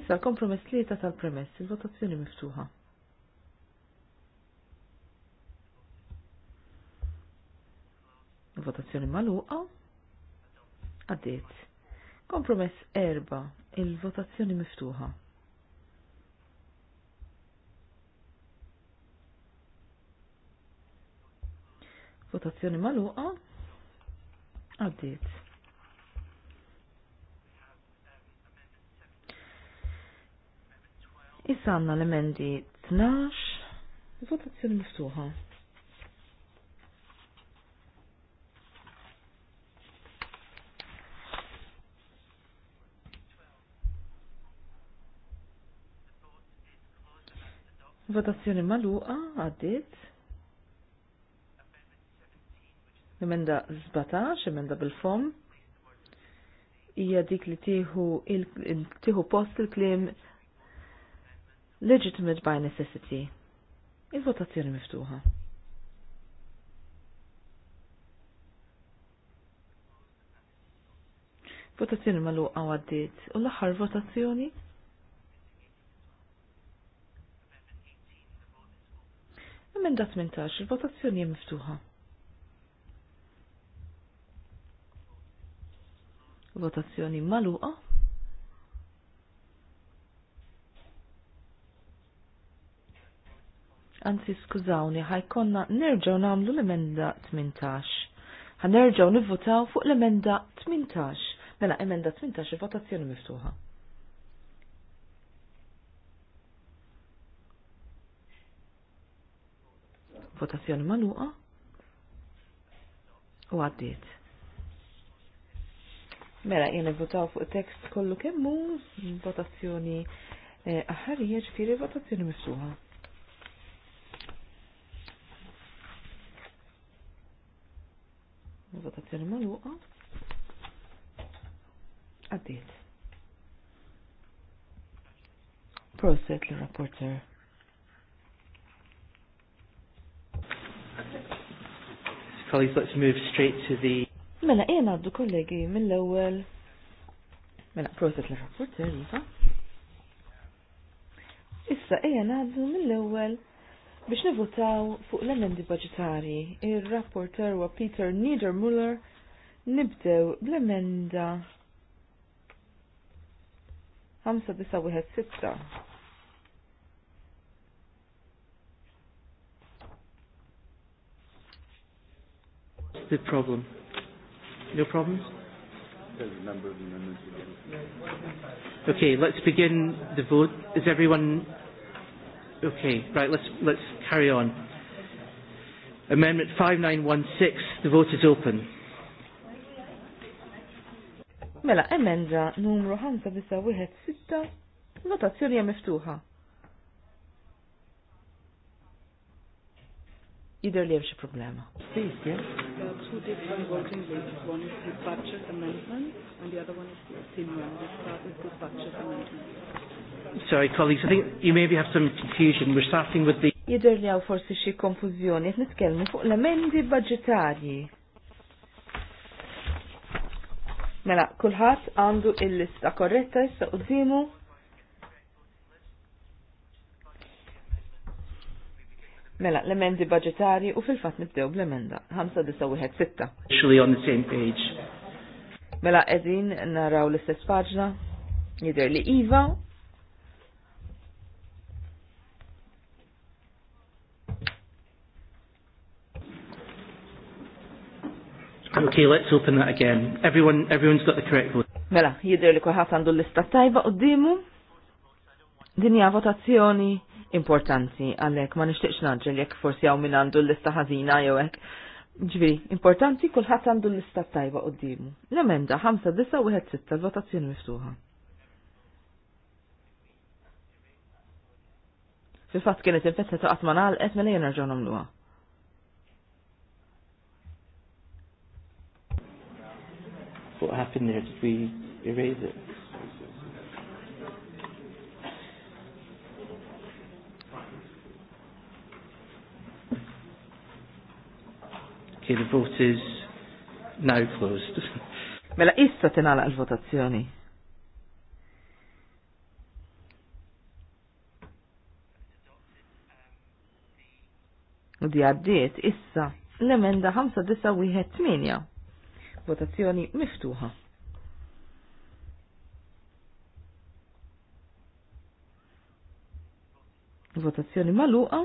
Issa l-kompromess li tal-premess il-votazzjoni miftuħa. Votazzjoni maluqa. Għaddit. Kompromess erba. Il-votazzjoni miftuħa. Votazzjoni maluqa. Għaddit. Issa għanna l-emendi 12. Votazzjoni miftuħa. Votazzjoni maluqa għaddit. Emenda 17, emenda bil-fom. Ija dik li tiħu, il, tiħu post il-klim legitimate by necessity. Il-votazzjoni miftuħa. Votazzjoni maluqa għaddit. U l-axar votazzjoni? Emenda 18, il-votazzjoni hija miftuħa. Votazzjoni maluqa. Anzi, skużawni, ħajkonna nerġaw namlu l-emenda 18. Ħanerġaw nivvotaw fuq l-emenda 18. Mela, emenda 18, il votazzjoni miftuħa. Votazzjoni maluqa. U għaddiet. Mela, jene votaw fuq tekst kollu kemmu, votazzjoni eh, aħarija votazzjoni mifsuħa. votazzjoni maluqa għaddiet. Proset l-rapporter. Colleagues, let's move straight to the... Mela, jena għaddu kollegi mill-ewel. Mela, process l-rapporter, jisa. Issa, jena għaddu mill-ewel biex nivutaw fuq l-emendi budgetari. Il-rapporter wa Peter Niedermuller nibdew bl-emenda 5916. the problem? No problems? Okay, let's begin the vote. Is everyone okay? Right, let's let's carry on. Amendment five nine one six, The vote is open. Mela, emenda numru ħamsa bisa 596. Votazzjoni hija miftuħa. Jidher li hemm xi problema. Please, yeah two different working groups. One is the budget amendment and the other one is the opinion. We start with the budget amendment. Sorry, colleagues, I think you maybe have some confusion. We're starting with the... Jider li għaw forsi xie konfuzjoni, nitkellmu fuq l-amendi budgetarji. Mela, kullħat għandu il-lista korretta jissa u Mela, l-emendi budgetari u fil-fat nibdew bl emenda 5916. Actually on the same page. Mela, edin naraw l-istess paġna. Jider li Iva. Okay, let's open that again. Everyone, everyone's got the correct vote. Mela, jider li kuħat għandu l istat tajba u d-dimu. Dinja votazzjoni importanti għalek ma nixtieqx naġġel jekk forsi għaw min għandu l-lista ħażina jew hekk. Ġifieri, importanti kulħadd għandu l-lista tajba dimu L-emenda 9 6 l-votazzjoni miftuħa. Fil-fatt kienet infetta ta' qatt ma nagħlqet mela jien nerġgħu nagħmluha. What happened there? Did we erase it? il the vote is now closed. Mela issa tinala l-votazzjoni. U di għaddiet issa l-emenda 598. Votazzjoni miftuħa. Votazzjoni maluqa.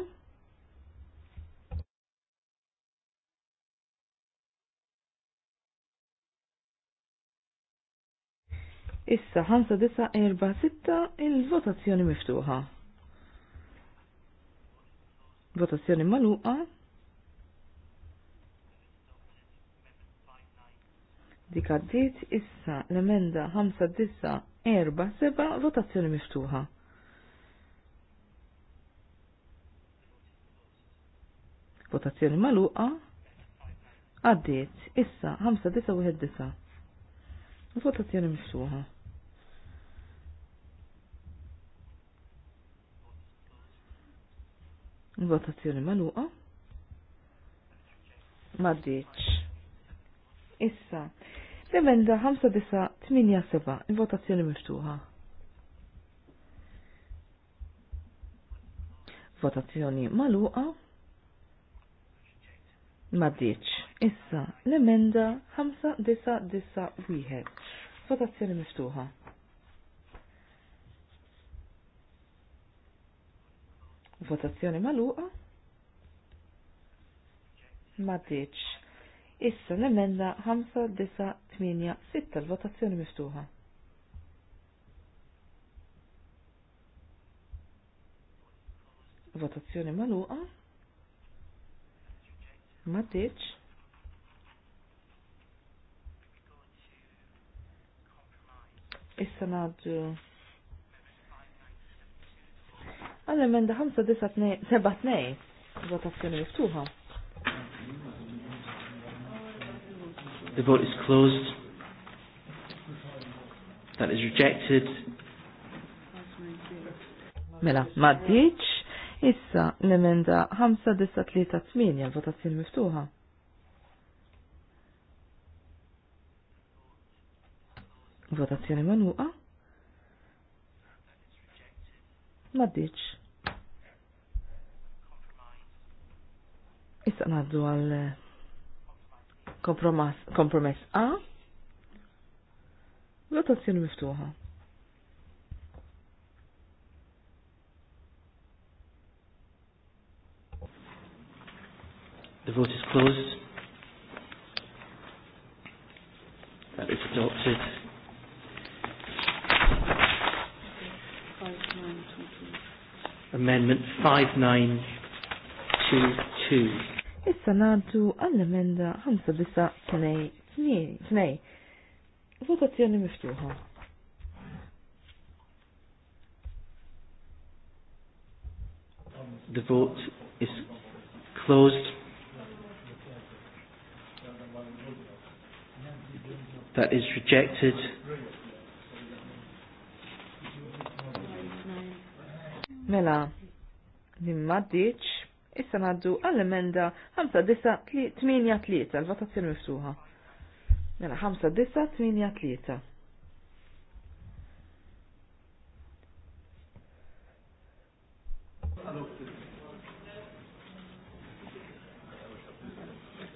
Issa 5946 il-votazzjoni miftuħa. Votazzjoni maluqa. Dik għaddiet issa l-emenda 5947 votazzjoni miftuħa. Votazzjoni maluqa. Għaddit issa 5919. Votazzjoni miftuħa. Votazzjoni maluqa. Maddiċ. Issa, l-emenda 5987, il-votazzjoni miftuħa. Votazzjoni maluqa. Maddiċ. Issa, l-emenda 5991, votazzjoni miftuħa. votazzjoni maluqa. Ma diċ. Issa l-emenda 5986 l-votazzjoni miftuħa. Votazzjoni maluqa. Ma diċ. Issa naddu Għall-emenda 5-9-7-2, votazzjoni miftuħa. The vote is closed. That is rejected. Mela, maddiċ, issa l-emenda 5-9-3-8, votazzjoni miftuħa. Votazzjoni manuqa? Ma Issa naddu għal eh, kompromess A. Votazzjoni miftuħa. The vote is closed. That is adopted. Amendment 59. Issa naddu għall-emenda 5 5-2-2. Votazzjoni miftuħa. The vote is closed. That is rejected. Mela, nimmaddiċ. Issa naddu għall-emenda 5-9-8-3, l-votazzjoni miftuħa. Mela 5-9-8-3.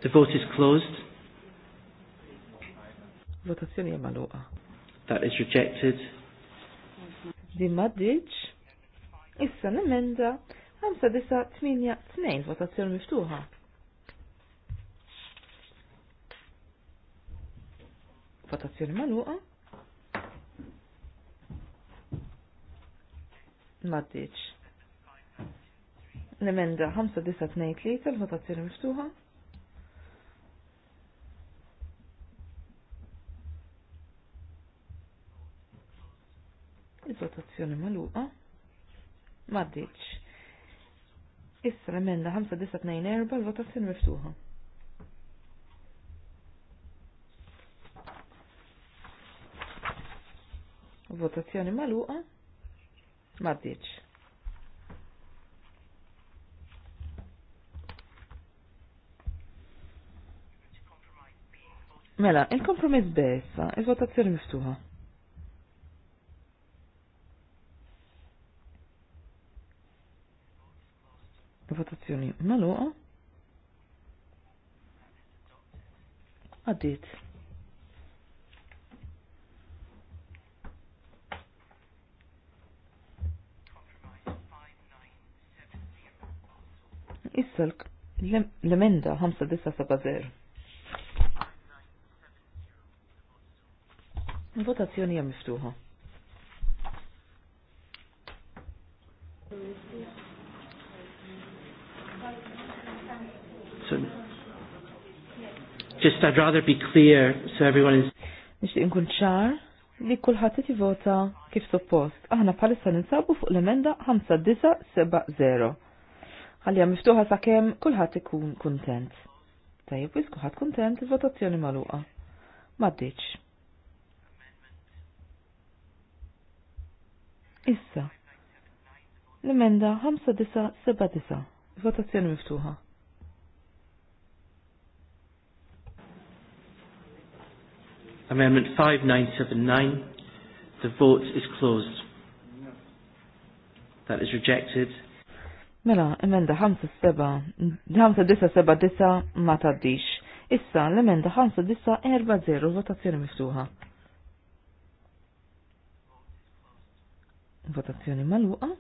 The vote is closed. Votazzjoni jemaluqa. That is rejected. Din maddiċ. Issa l emenda Għamsa disa 8-2 votazzjoni miftuħa. Votazzjoni maluqa. Maddiċ. Nemenda emenda 5 5-9-3 votazzjoni miftuħa. Il-votazzjoni maluqa. Maddiċ. Issa l-emenda 5924 l-votazzjoni miftuħa. Votazzjoni maluqa ma bdiċ. Mela, il-kompromiss bessa, il-votazzjoni miftuħa. Votazzjoni maluqa. Għaddit. Issa l-emenda 5970. Votazzjoni hija miftuħa. Just I'd rather be clear so everyone is. Nixtieq inkun ċar li kulħadd qed jivota kif suppost. Aħna bħalissa ninsabu fuq l-emenda 5970. Ħallija miftuħa sakemm kulħadd ikun kuntent. Tajjeb wis kulħadd kuntent il-votazzjoni magħluqa. M'għaddiċ. Issa. L-emenda 5979. Votazzjoni miftuħa. Amendment 5979. The vote is closed. That is rejected. Mela, emenda 5979 ma taddix. Issa l emenda 5940 votazzjoni miftuħa. Votazzjoni maluqa.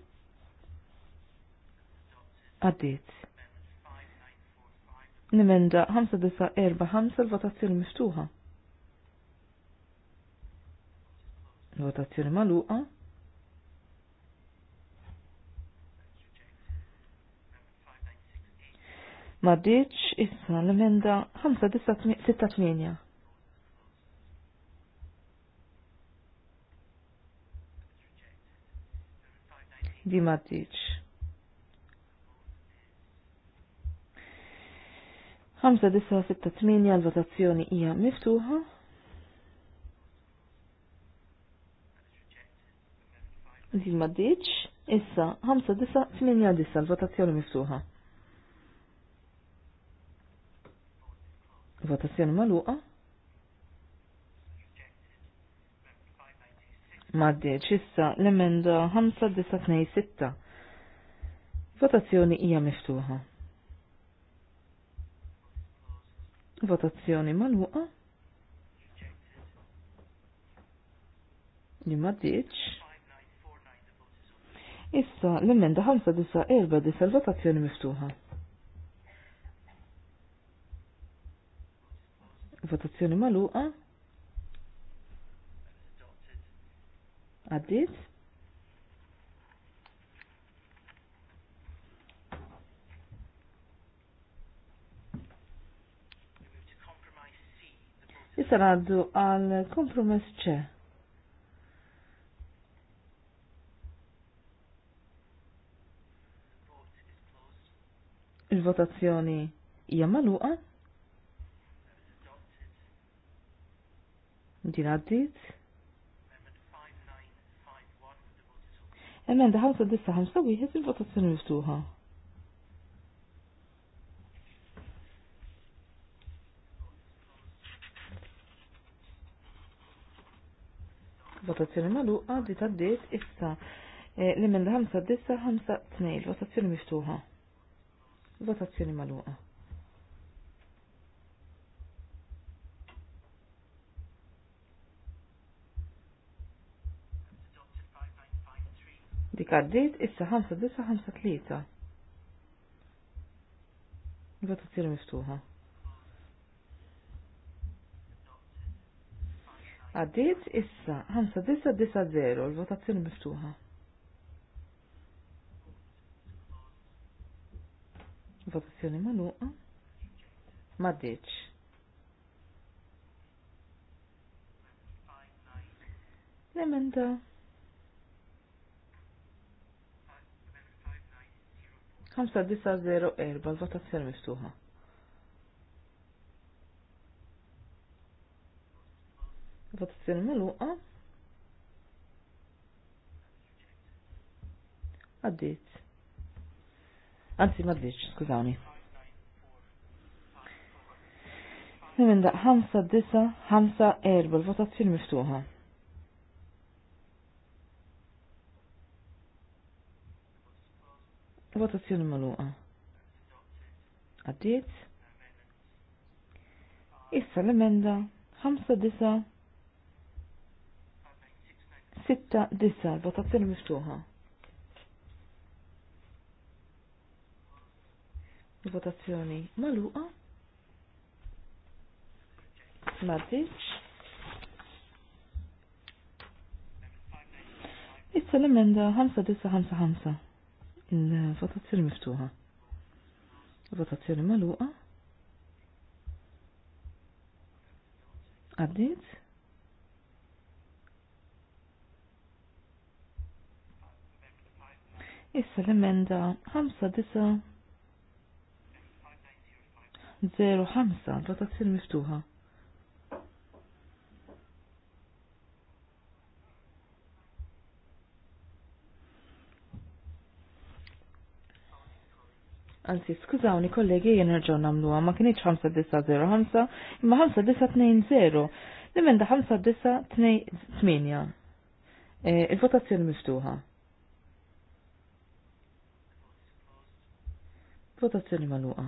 Għaddit. Nimenda 5 9 votazzjoni miftuħa. Votazzjoni maluqa. diċ, issa l-emenda 568. Di maddiċ. 568 l-votazzjoni hija miftuħa. Din maddiċ. Issa, 5-9-8 l-votazzjoni miftuħa. Votazzjoni maluqa. Maddiċ, Issa, l-emenda 5-9-6. Votazzjoni ija miftuħa. Votazzjoni maluqa. Li ma Issa l-emenda 594 di salvatazzjoni miftuħa. Votazzjoni maluqa. Għaddit. Issa għaddu għal kompromess ċe. Il-votazzjoni hija magħluqa. Din għaddit. Emenda 5-9-5 il-votazzjoni miftuħa. Votazzjoni magħluqa di taddiet issa eh, l-emenda 9 5 il votazzjoni miftuħa. Votazzjoni maluqa. Dik għaddit issa 5953. Votazzjoni miftuħa. Għaddit issa 5990 l-votazzjoni miftuħa. Votazzjoni maluqa. Maddiċ. L-emenda. Ħamsa disa zero erba, l votazzjoni miftuħa. Votazzjoni maluqa. Għaddit. Anzi, ma ddiċ, da' Niminda disa, 9 5 l votazzjoni miftuħa. Votazzjoni maluqa. Għaddiet. Issa l emenda disa, Sitta disa, l votazzjoni miftuħa. votazzjoni maluqa. Matiċ. Issa l-emenda 5955. Il-votazzjoni miftuħa. Votazzjoni maluqa. Għaddit. Issa l-emenda 05 votazzjoni miftuħa. Anzi, skużawni kollegi jien nerġgħu nagħmluha ma kienieċ 5905 imma 5920 l-emenda 5928. E, il-votazzjoni miftuħa. Votazzjoni magħluqa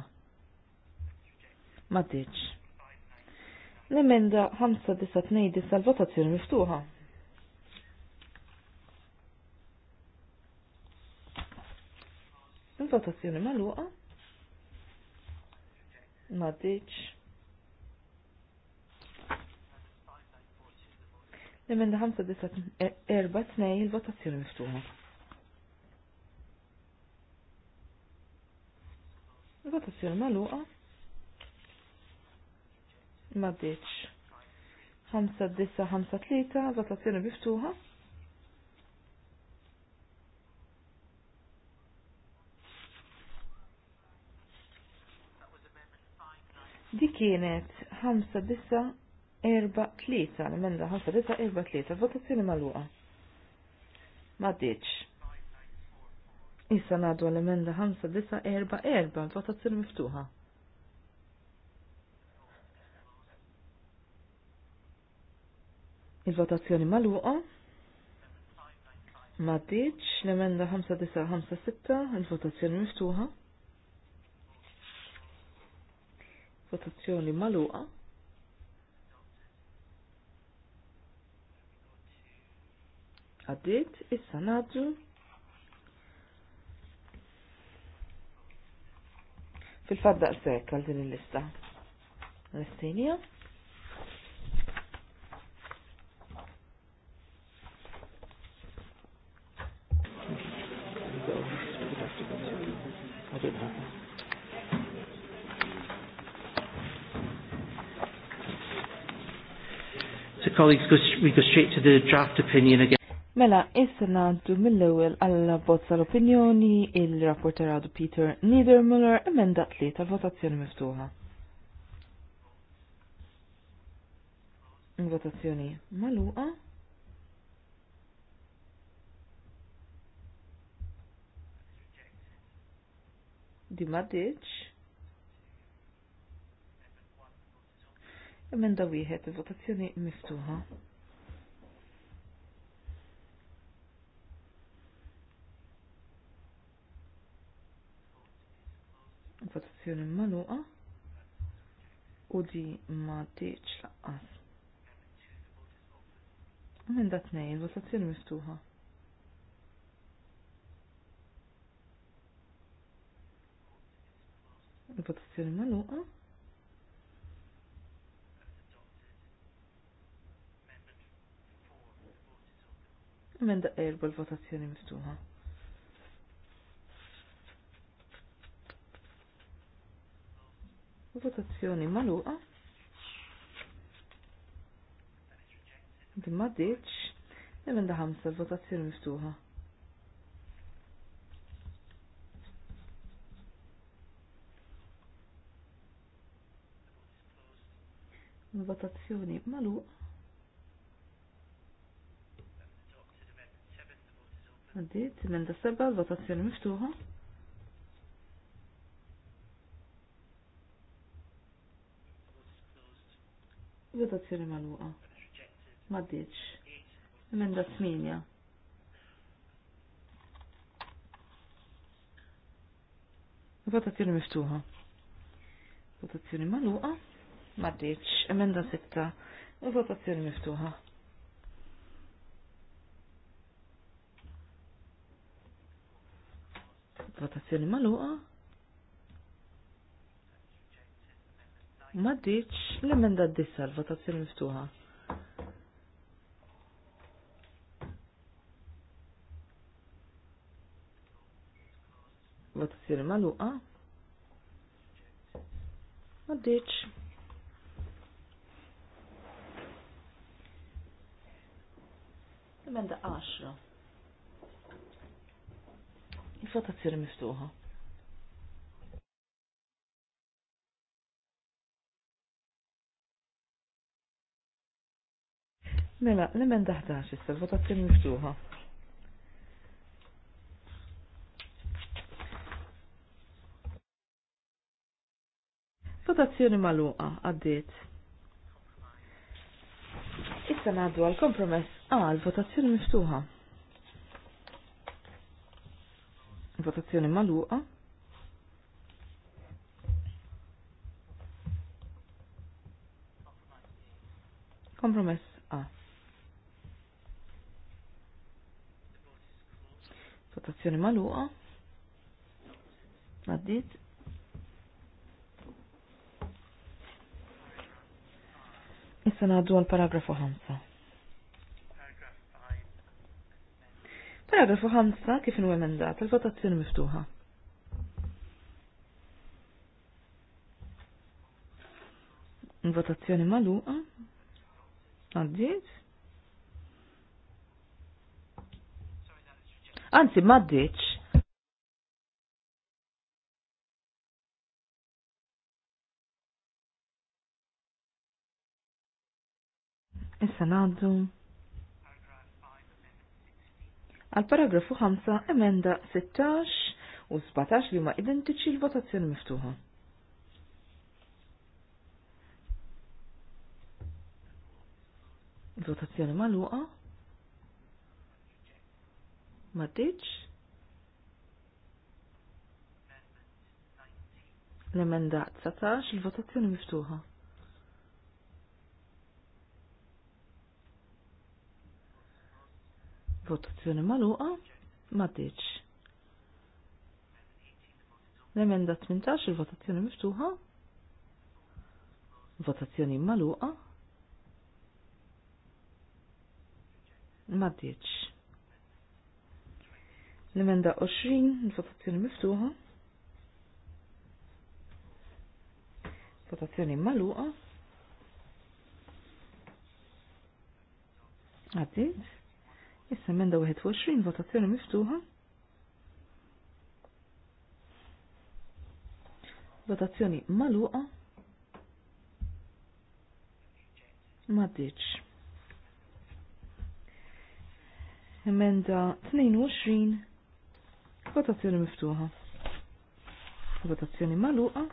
ma ditx. L-emenda 592 sal-votazzjoni miftuħa. Il-votazzjoni maluqa. Ma ditx. L-emenda 592 il-votazzjoni miftuħa. Il-votazzjoni maluqa ma ditx. 5-9-5-3, votazzjoni biftuħa. Di kienet 5-9-4-3, l-emenda 5-9-4-3, votazzjoni maluqa. Ma ditx. Issa nadu l-emenda 5-9-4-4, votazzjoni miftuħa. Il-votazzjoni maluqa. Maddiċ, l-emenda 5956, il-votazzjoni miftuħa. Votazzjoni maluqa. Għaddit, issa nadżu. Fil-fadda sekk għal din il-lista. Restinja. colleagues, go, we go straight to the draft opinion again. Mela, issa naddu mill-ewel għalla bozza tal opinjoni il-rapporter għadu Peter Niedermuller emenda li tal-votazzjoni miftuħa. Votazzjoni maluqa. Di maddiċ. da wieħed, il votazzjoni miftuħa. Votazzjoni maluqa u di ma tiċ laqqas. da Emenda il votazzjoni miftuħa. il Votazzjoni maluqa. Minn da erba l-votazzjoni miftuħa. Votazzjoni maluqa. Dimma diċ. Minn da ħamsa l-votazzjoni miftuħa. votazzjoni maluqa Għaddit, minn da seba, votazzjoni miftuħa. Votazzjoni maluqa. Maddiċ. Minn da sminja. Votazzjoni miftuħa. Votazzjoni maluqa. Maddiċ. Emenda sitta. Votazzjoni miftuħa. votazzjoni maluqa. Ma ditx l-emenda d-dissa l-votazzjoni miftuħa. Votazzjoni maluqa. Ma ditx. Emenda 10. Votazzjoni miftuħa. Mela, l-emenda 11 issa, votazzjoni miftuħa. Votazzjoni maluqa, għaddiet. Issa naddu għal kompromess għal votazzjoni miftuħa. Votazzjoni maluqa. Kompromess A. Votazzjoni maluqa. Maddit. Issa naħdu għal paragrafu 5. Paragrafu 5 kif inhu emendat, il-votazzjoni miftuħa. Votazzjoni magħluqa. Għaddiet. Anzi, maddiċ. Issa naddu Għal paragrafu 5 emenda 16 u 17 li ma identiċi l-votazzjoni miftuħa. Votazzjoni maluqa. Ma tiġ. L-emenda 19 il-votazzjoni miftuħa. Votazzjoni maluqa ma tiġ. L-emenda 18 il-votazzjoni miftuħa. Votazzjoni maluqa. Ma tiġ. L-emenda 20 il-votazzjoni miftuħa. Votazzjoni maluqa. Għaddit. Issa emenda 21 votazzjoni miftuħa. Votazzjoni maluqa. Maddiċ. Emenda 22 votazzjoni miftuħa. Votazzjoni maluqa.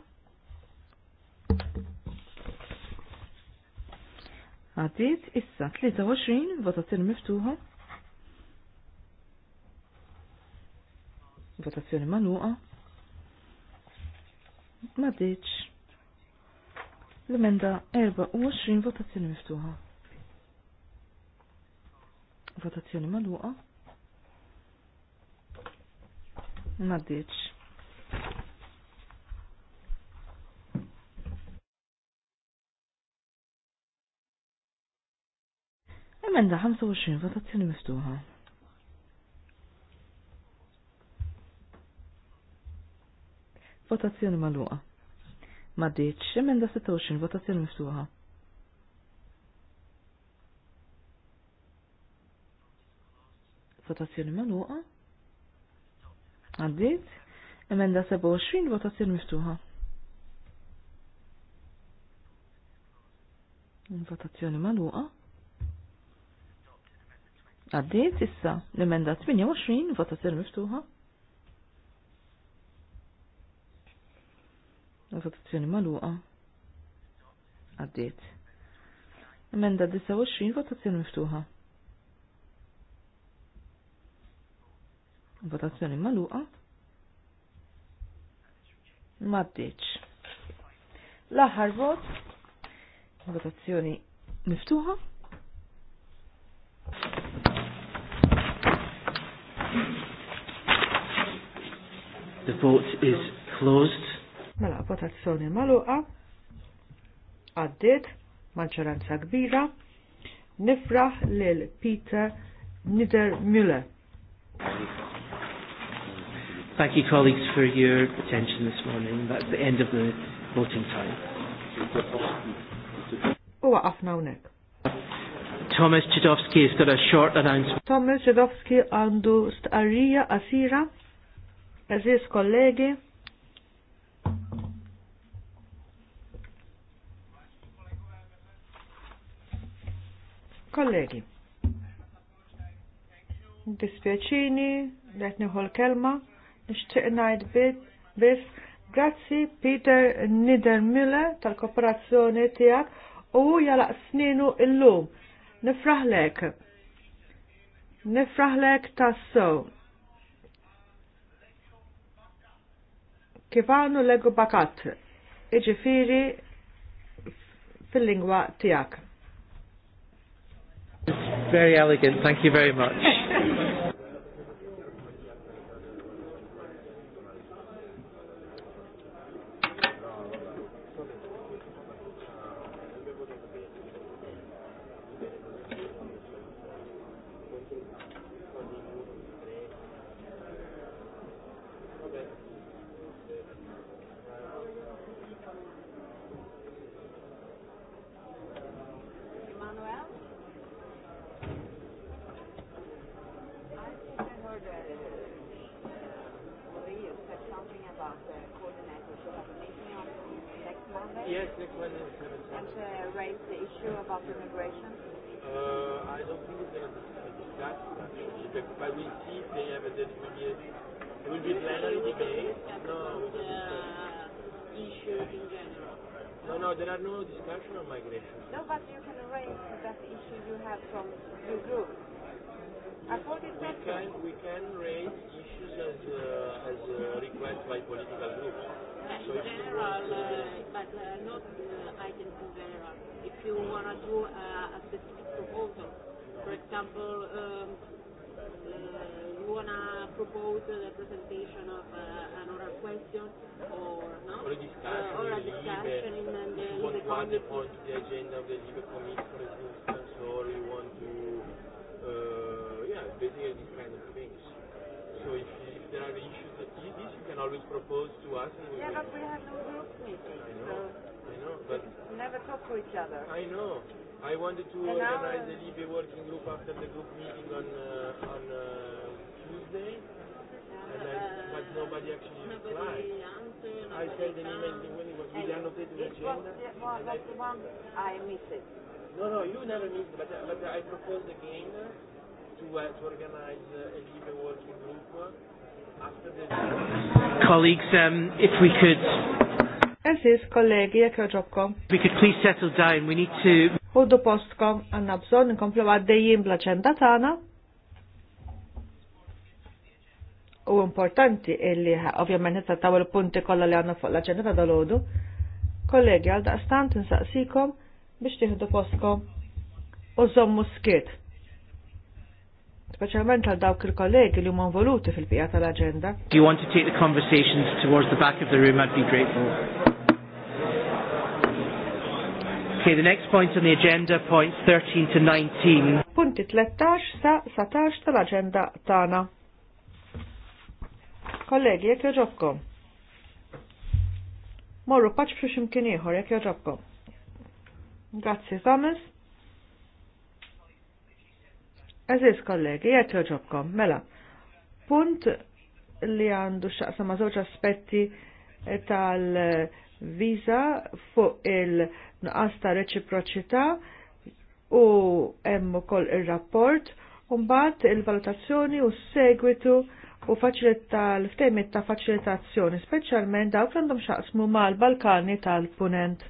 Għaddit issa 23 votazzjoni miftuħa. Votazzjoni maluqa. Ma ditx. L-emenda 24 votazzjoni miftuħa. Votazzjoni maluqa. Ma ditx. Emenda 25 votazzjoni miftuħa. Votazzjoni maluqa. Ma ditx, emenda 26, votazzjoni miftuħa. Votazzjoni maluqa. Għaddit, emenda 27, votazzjoni miftuħa. Votazzjoni maluqa. Għaddit, issa, l-emenda 28, votazzjoni miftuħa. votazzjoni maluqa, għaddiet. Emenda 29, votazzjoni miftuħa. Votazzjoni maluqa, maddiċ. Laħar vot, votazzjoni miftuħa. The vote is closed mela votazzjoni maluqa għaddit maġġoranza kbira nifraħ lil Peter Müller. Thank you colleagues for your attention this morning. That's the end of the voting time. għafna unek. Thomas Chidovsky has got a short announcement. Thomas Chidovsky għandu stqarrija qasira, eżis kollegi, Kollegi, dispjaċini, għet nħol kelma, nishtiq najt bis, grazzi Peter Niedermüller tal-kooperazzjoni tijak u jalaq sninu illum. Nifraħlek, nifraħlek tasso. Kifanu legu bakat, iġifiri fil-lingwa tijak very elegant. Thank you very much. means, but, uh, but I propose again to, uh, to organize uh, a Libre working group after the... Colleagues, um, if we could... Eżis, kollegi, jek joġobkom. We could please settle down, we need to... Uddu postkom, għanna bżon, nkomplu għaddejjim bl-ċenda tana. U importanti illi, ovvjament, nittattaw il-punti kolla li għanna fuq l-ċenda ta' dal-ħodu. Kollegi, għal daqstant, nsaqsikom biex tiħdu postkom u muskiet. Speċjalment għal dawk il-kollegi li huma voluti fil-bqija tal-aġenda. Do you want to take the conversations towards the back of the room? I'd be grateful. Okay, the next point on the agenda, points 13 to 19. Punti 13 sa 17 tal-aġenda tana. Kollegi, jekk joġobkom. Morru paċ fri ximkien ieħor, jekk joġobkom. Grazzi, Thomas. Eżis kollegi, jgħet joġobkom, mela. Punt li għandu xaqsa ma' zoċ aspetti tal-viza fuq il-nuqqas ta' reċiproċità u hemm ukoll ir-rapport u mbagħad il-valutazzjoni u s-segwitu u faċilità l-ftehmiet ta' faċilitazzjoni, speċjalment dawk għandhom xaqsmu mal-Balkani tal-Punent.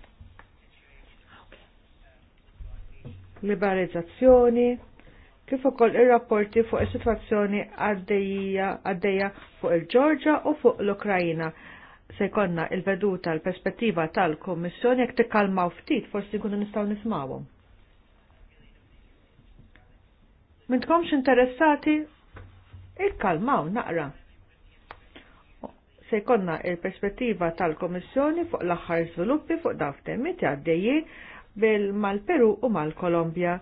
Liberalizzazzjoni, kif ukoll ir-rapporti fuq is-sitwazzjoni għaddejja fuq il-Ġorġa u fuq l-Ukrajina. Se jkollna il-veduta l-perspettiva tal-Kummissjoni jekk tikkalmaw ftit forsi jkunu nistgħu nismawhom. Mintkomx interessati, ikkalmaw naqra. Se jkollna il-perspettiva tal-Kommissjoni fuq l-aħħar żviluppi fuq daftemiet għaddejji bil mal-Peru u mal-Kolombja. mal peru u mal mal peru u mal kolombja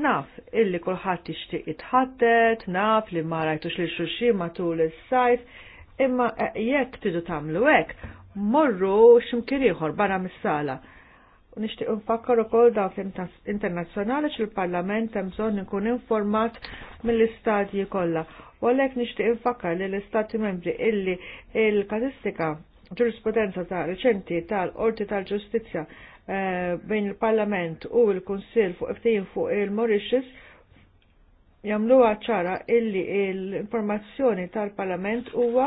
Naf illi kulħadd tixtieq itħaddet, naf li ma rajtux li xulxin matul is-sajf, imma e, jekk tidu tagħmlu hekk, morru x'imkien ieħor barra mis-sala. Nixtieq infakkar ukoll dawk internazzjonali x'il-Parlament hemm bżonn inkun informat mill-istadji kollha. U għalhekk nixtieq infakkar li l-Istati Membri illi il-kazistika ġurisprudenza ta' reċenti tal-Qorti tal-Ġustizzja Eh, bejn il-Parlament u l-Kunsill fuq ftehim fuq il-Mauritius jagħmluha ċara illi l-informazzjoni tal-Parlament huwa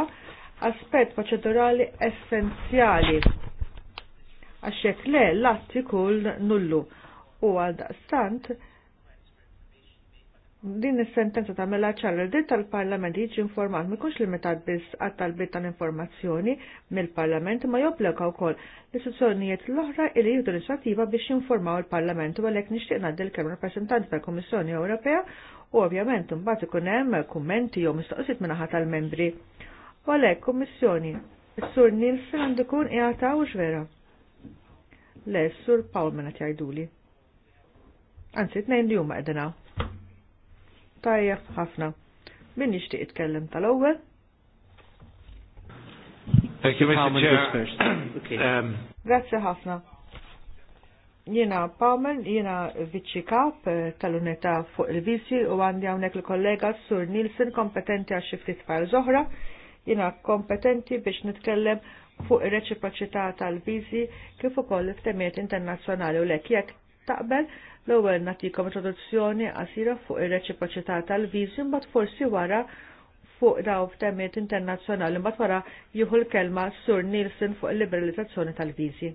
aspett proċedurali essenzjali għax jekk le l-att ikun nullu u għal daqstant din is-sentenza tagħmilha ċarra dritt tal-Parlament jiġi informat m'ikunx limitat biss għat talbiet tal-informazzjoni mill-Parlament ma jobbleka wkoll l-istituzzjonijiet l-oħra li jieħdu l-inizjattiva biex jinformaw il-Parlament u għalhekk nixtieq ngħaddi l-Kemm rappreżentanti tal-Kummissjoni Ewropea u ovvjament imbagħad ikun hemm kummenti jew mistoqsijiet minaħa tal-membri. U għalhekk Kummissjoni, is-Sur Nielsen għandu jkun qiegħed u vera. Le, sur Paul minn qed jgħiduli. Anzi, tnejn li huma qegħdin hawn tajjeb ħafna. Min nixtieq itkellem tal-ewwel? Thank you, um, Grazie ħafna. Jiena Pawman, jiena viċi kap eh, tal-unità fuq il-visi u għandi hawnhekk il-kollega Sur Nilsen kompetenti għal xi ftit far zoħra. kompetenti biex nitkellem fuq ir-reċiproċità tal-visi kif ukoll il-ftemiet internazzjonali u lek jekk taqbel l-ewwel nagħtikom introduzzjoni qasira fuq ir-reċiproċità tal-viżi mbagħad forsi wara fuq daw f'temiet internazzjonali mbagħad wara jieħu l-kelma Sur Nielsen fuq il-liberalizzazzjoni tal-viżi.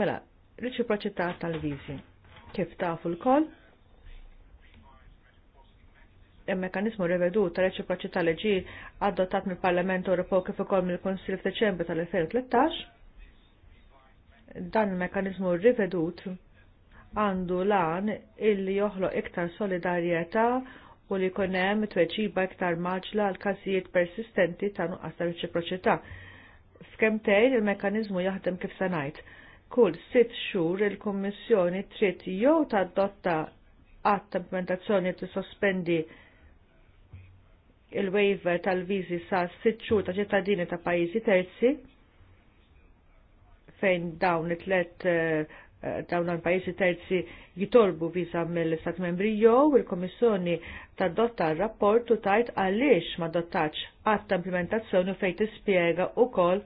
Mela, reċiproċità tal-viżi. Kif tafu l-koll? il-mekanizmu revedu ta' reċiproċità leġi adottat mill-Parlament Ewropew kif ukoll mill-Konsil f'Deċembru tal-2013 dan il-mekanizmu rivedut għandu lan illi joħloq iktar solidarjetà u li konem tweċiba iktar maġla għal każijiet persistenti ta' nuqqas ta' reċiproċità. F'kemtejn il-mekanizmu jaħdem kif se ngħid. Kull sitt xhur il-Kummissjoni trid jew tadotta għat implementazzjoni sospendi il-waiver tal-viżi sa' sitt xhur ta' ċittadini ta' pajjiżi terzi fejn dawn it-tlet eh, dawn l-pajjiżi terzi jitolbu viża mill istat Membri jew il kummissjoni tadotta r-rapport u tajt għaliex ma dottax għat ta' implementazzjoni fejn tispjega wkoll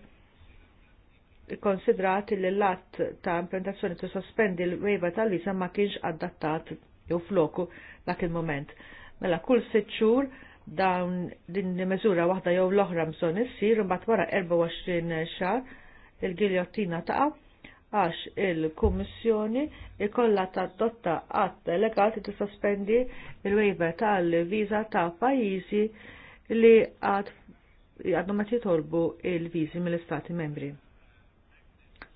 konsidrati li l-att ta' implementazzjoni tu sospendi l-wejva tal-viża ma kienx adattat jew floku dak il-moment. Mela kull sitt xhur dawn din miżura waħda jew l-oħra bżonn issir imbagħad wara 24 xahar il-giljottina ta' għax il-Kummissjoni ikolla tadotta għat delegati tisospendi il-wejver tal-viza ta' pajjiżi li għad għadhom qed jitolbu il-viżi mill-Istati Membri.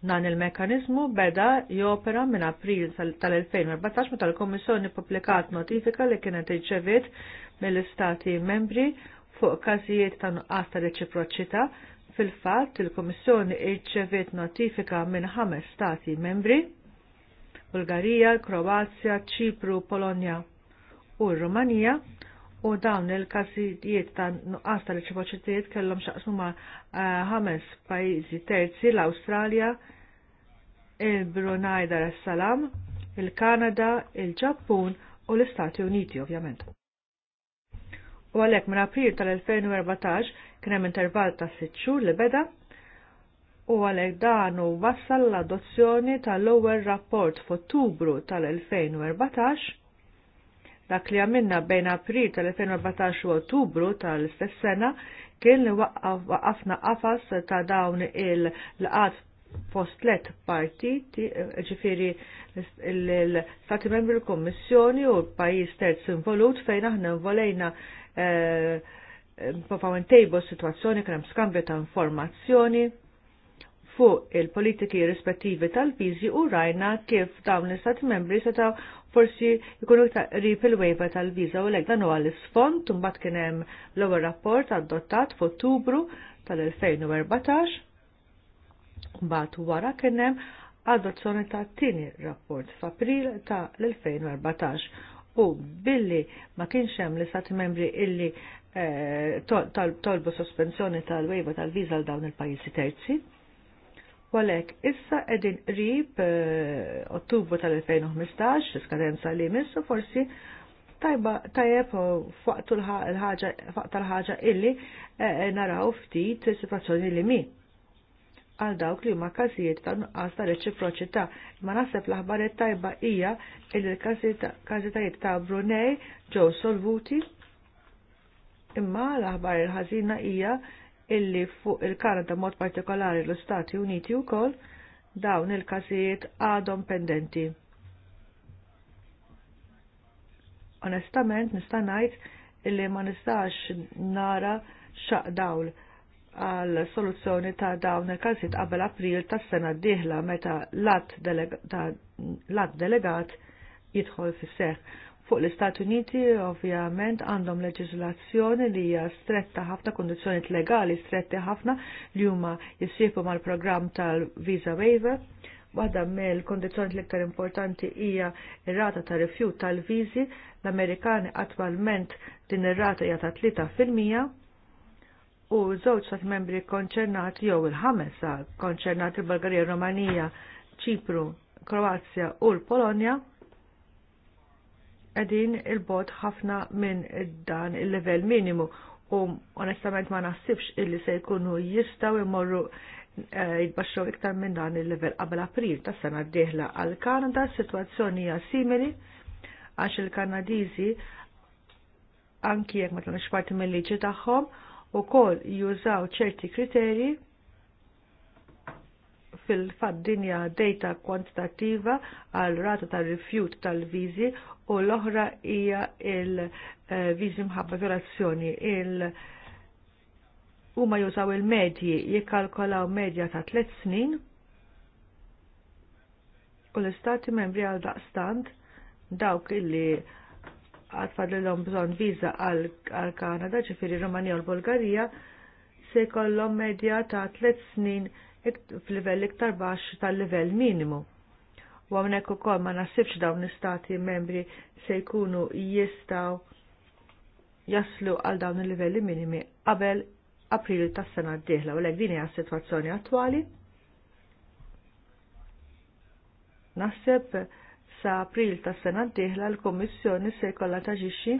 Dan il-mekanizmu beda jopera minn april tal-2014 meta l-Kommissjoni publikat notifika li kienet irċeviet mill-Istati membri fuq każijiet ta' nuqqas ta' reċiproċità Fil-fatt, il-Komissjoni irċevet notifika minn ħames stati membri, Bulgarija, Kroazja, Ċipru, Polonja u Rumanija, u dawn il-każijiet ta' nuqqas ta' reċipoċitiet kellhom xaqsuma eh, ħames pajjiżi terzi l-Awstralja, il-Brunei Dar es-Salam, il-Kanada, il-Ġappun u l-Istati Uniti ovvjament. U għalhekk minn April tal-2014 kienem intervall ta' sitt xhur li beda u għalhekk dan u wassal l-adozzjoni tal-ewwel rapport f'Ottubru tal-2014 dak li għamilna bejn April tal-2014 u Ottubru tal-istess sena kien li waqqafna qafas ta' dawn il-laqat postlet let partiti, ġifiri l-Stati membri l-Kommissjoni u l-pajis terz involut fejn aħna involejna eh, Papaw ntejbu situazzjoni kremm skambju ta' informazzjoni fuq il-politiki rispettivi tal-viżi u rajna kif dawn l-istati membri seta' forsi jkunu rip il-wejba tal-viża u lek dan huwa l-isfond mbagħad kien hemm l-ewwel rapport adottat f'Ottubru tal-2014 mbagħad wara kien hemm adozzjoni ta' tieni rapport f'April ta' l-2014 u billi ma kienx hemm l-istati membri illi Eh, tolbu sospensjoni tal-wejba tal-viza għal dawn il-pajjiżi terzi. Walek, issa edin rib eh, ottubru tal-2015, skadenza li missu forsi tajba tajjeb eh, fuq tal-ħaġa illi naraw ftit situazzjoni li mi għal dawk li huma każijiet ta' nuqqas ta' reċiproċità. Ma nasib l-aħbariet tajba hija il każitajiet ta' Brunei ġo solvuti Imma l-aħbar il-ħażina hija illi fuq il-Kanada mod partikolari l-Istati Uniti wkoll dawn il-każijiet għadhom pendenti. Onestament nista' ngħid illi ma nistax nara xaq dawl għal soluzzjoni ta' dawn il-każijiet qabel April tas-sena d-dieħla meta l-att delegat jidħol fis-seħħ Fuq l-Istati Uniti ovvjament għandhom leġiżlazzjoni li hija stretta ħafna kondizzjonijiet legali stretti ħafna li huma jissieħbu mal-programm tal-Visa Waiver. Waħda mill-kondizzjoni l-iktar importanti hija ir-rata ta' rifjut tal-viżi. L-Amerikani attwalment din ir-rata hija ta' 3 u żewġ sat membri konċernati jew il-ħames konċernati Bulgarija, Romanija, Ċipru, Kroazja u l-Polonja qegħdin il bot ħafna minn dan il-level minimu u onestament ma naħsibx illi se jkunu jistgħu imorru eh, jitbaxxu iktar minn dan il-level qabel april ta' sena d-dieħla għal Kanada situazzjoni hija simili għax il-Kanadiżi anki jekk ma tagħmilx parti mill-liġi tagħhom ukoll jużaw ċerti kriterji fil-fat dinja data kwantitativa għal rata tal-rifjut tal-viżi u l-oħra hija il-viżi eh, mħabba violazzjoni il huma jużaw il-medji jikkalkolaw medja ta' tliet snin u l-istati membri għal daqstant dawk illi għatfadlilhom bżonn viża għal Kanada ġifieri Rumanija u l-Bulgarija se jkollhom medja ta' tliet snin fil-level iktar baxx tal-livell minimu. U għamnek u kol ma nasibx dawn istati membri se jkunu jistaw jaslu għal dawn il-livelli minimi qabel april tas sena d-dihla u l-għdini għas situazzjoni attuali. Nasib sa april tas sena d-dihla l-Komissjoni se jkollha taġixxi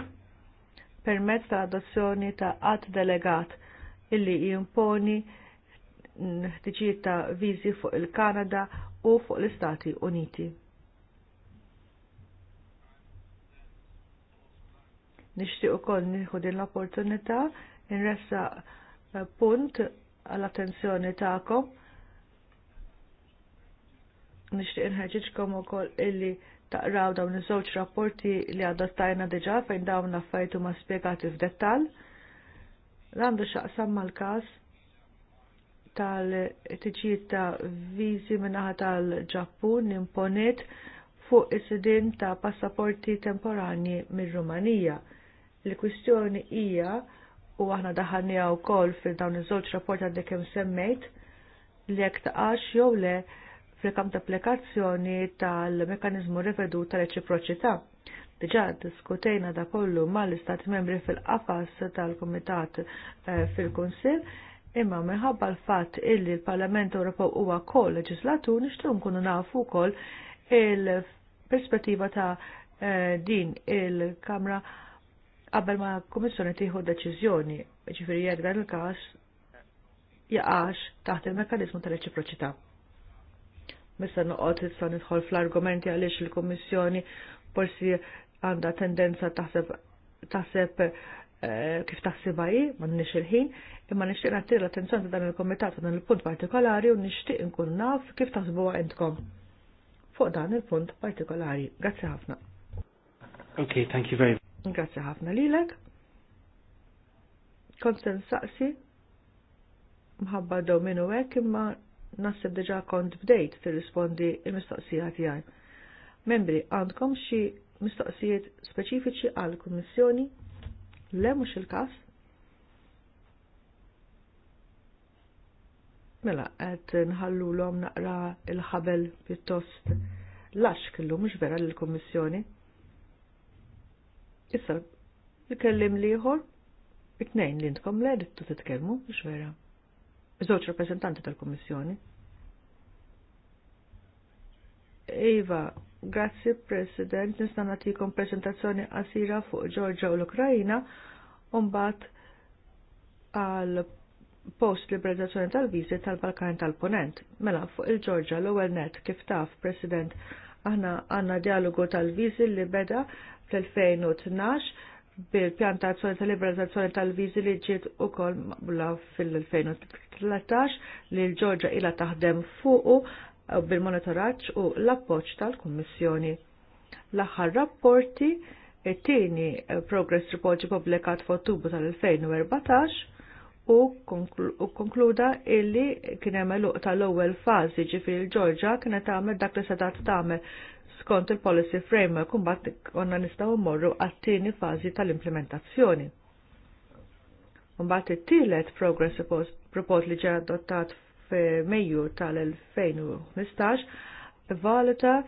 permezz tal-adozzjoni ta' qatt delegat illi jimponi ħtiġijiet ta' viżi fuq il-Kanada u fuq l-Istati Uniti. Nixtieq ukoll nieħu din l-opportunità nressa eh, punt għall-attenzjoni tagħkom. Nixtieq inħeġġitkom ukoll illi taqraw dawn iż-żewġ rapporti li adottajna diġà fejn dawn l affajtu ma spjegati f'dettall. L-għandu xaqsam mal-każ tal-tiġijiet ta' viżi minnaħa tal-Ġappun imponiet fuq is-sidin ta' passaporti temporani mir-Rumanija. Il-kwistjoni hija u aħna daħanija wkoll fil dawn iż-żewġ rapport għandek hemm semmejt li jekk taqax jew le fil-kamp ta' applikazzjoni tal-mekanizmu revedu ta' reċiproċità. Diġà diskutejna da kollu mal-Istat membri fil-qafas tal-Komitat eh, fil-Kunsill imma minħabba l-fatt illi l-Parlament Ewropew huwa kol leġislatur nixtru nkunu nafu wkoll il-perspettiva ta' eh, din il-Kamra qabel ma' Kummissjoni tieħu deċiżjoni, ġifieri jekk dan il-każ jaqax taħt il-mekkaniżmu ta' reċiproċità. Missa noqgħod issa nidħol fl-argumenti għaliex il-Kummissjoni forsi għandha tendenza taħseb taħseb Eh, kif ma n-nix il-ħin, imma nixtieq nagħtir l-attenzjoni ta' dan il-kumitat dan il-punt partikolari u nixtieq inkun naf kif taħsibuha intkom fuq dan il-punt partikolari. Grazzi ħafna. Okay, thank you very much. Grazzi ħafna lilek. Kont saqsi mħabba minu hekk imma naħseb diġà kont bdejt tirrispondi il-mistoqsija tiegħi. Membri, għandkom xi mistoqsijiet speċifiċi għal kummissjoni Le mhux il kas Mela qed nħallulhom naqra il-ħabel pjuttost lax kellu mhux vera lill-Kummissjoni. Issa ikellim liħor it nejn li intkom le dittu titkellmu mux vera. Żewġ rappreżentanti tal-Kummissjoni. Iva, Grazzi President, nista' nagħtikom preżentazzjoni qasira fuq Ġorġa u l ukrajina u mbagħad għal post liberalizzazzjoni tal vizi tal-Balkan tal-Ponent. Mela fuq il-Ġorġa l-ewwel net kif taf President aħna għandna dialogu tal-viżi li beda fl-2012 bil-pjantazzjoni tal-liberalizzazzjoni tal-viżi li ġiet ukoll kol fil-2013 li l georgia ilha taħdem fuqu bil-monitoraġġ u l-appoġġ tal-Kummissjoni. L-aħħar rapporti it-tieni eh, progress report pubblikat f'Ottubru tal-2014 u konkluda illi kien hemm tal-ewwel fażi ġifieri Ġorġa kienet tagħmel dak li setat tagħmel skont il-policy framework u mbagħad konna nistgħu mmorru għat-tieni fażi tal-implementazzjoni. Mbagħad it-tielet progress report li ġara adottat f'Mejju tal-2015 valuta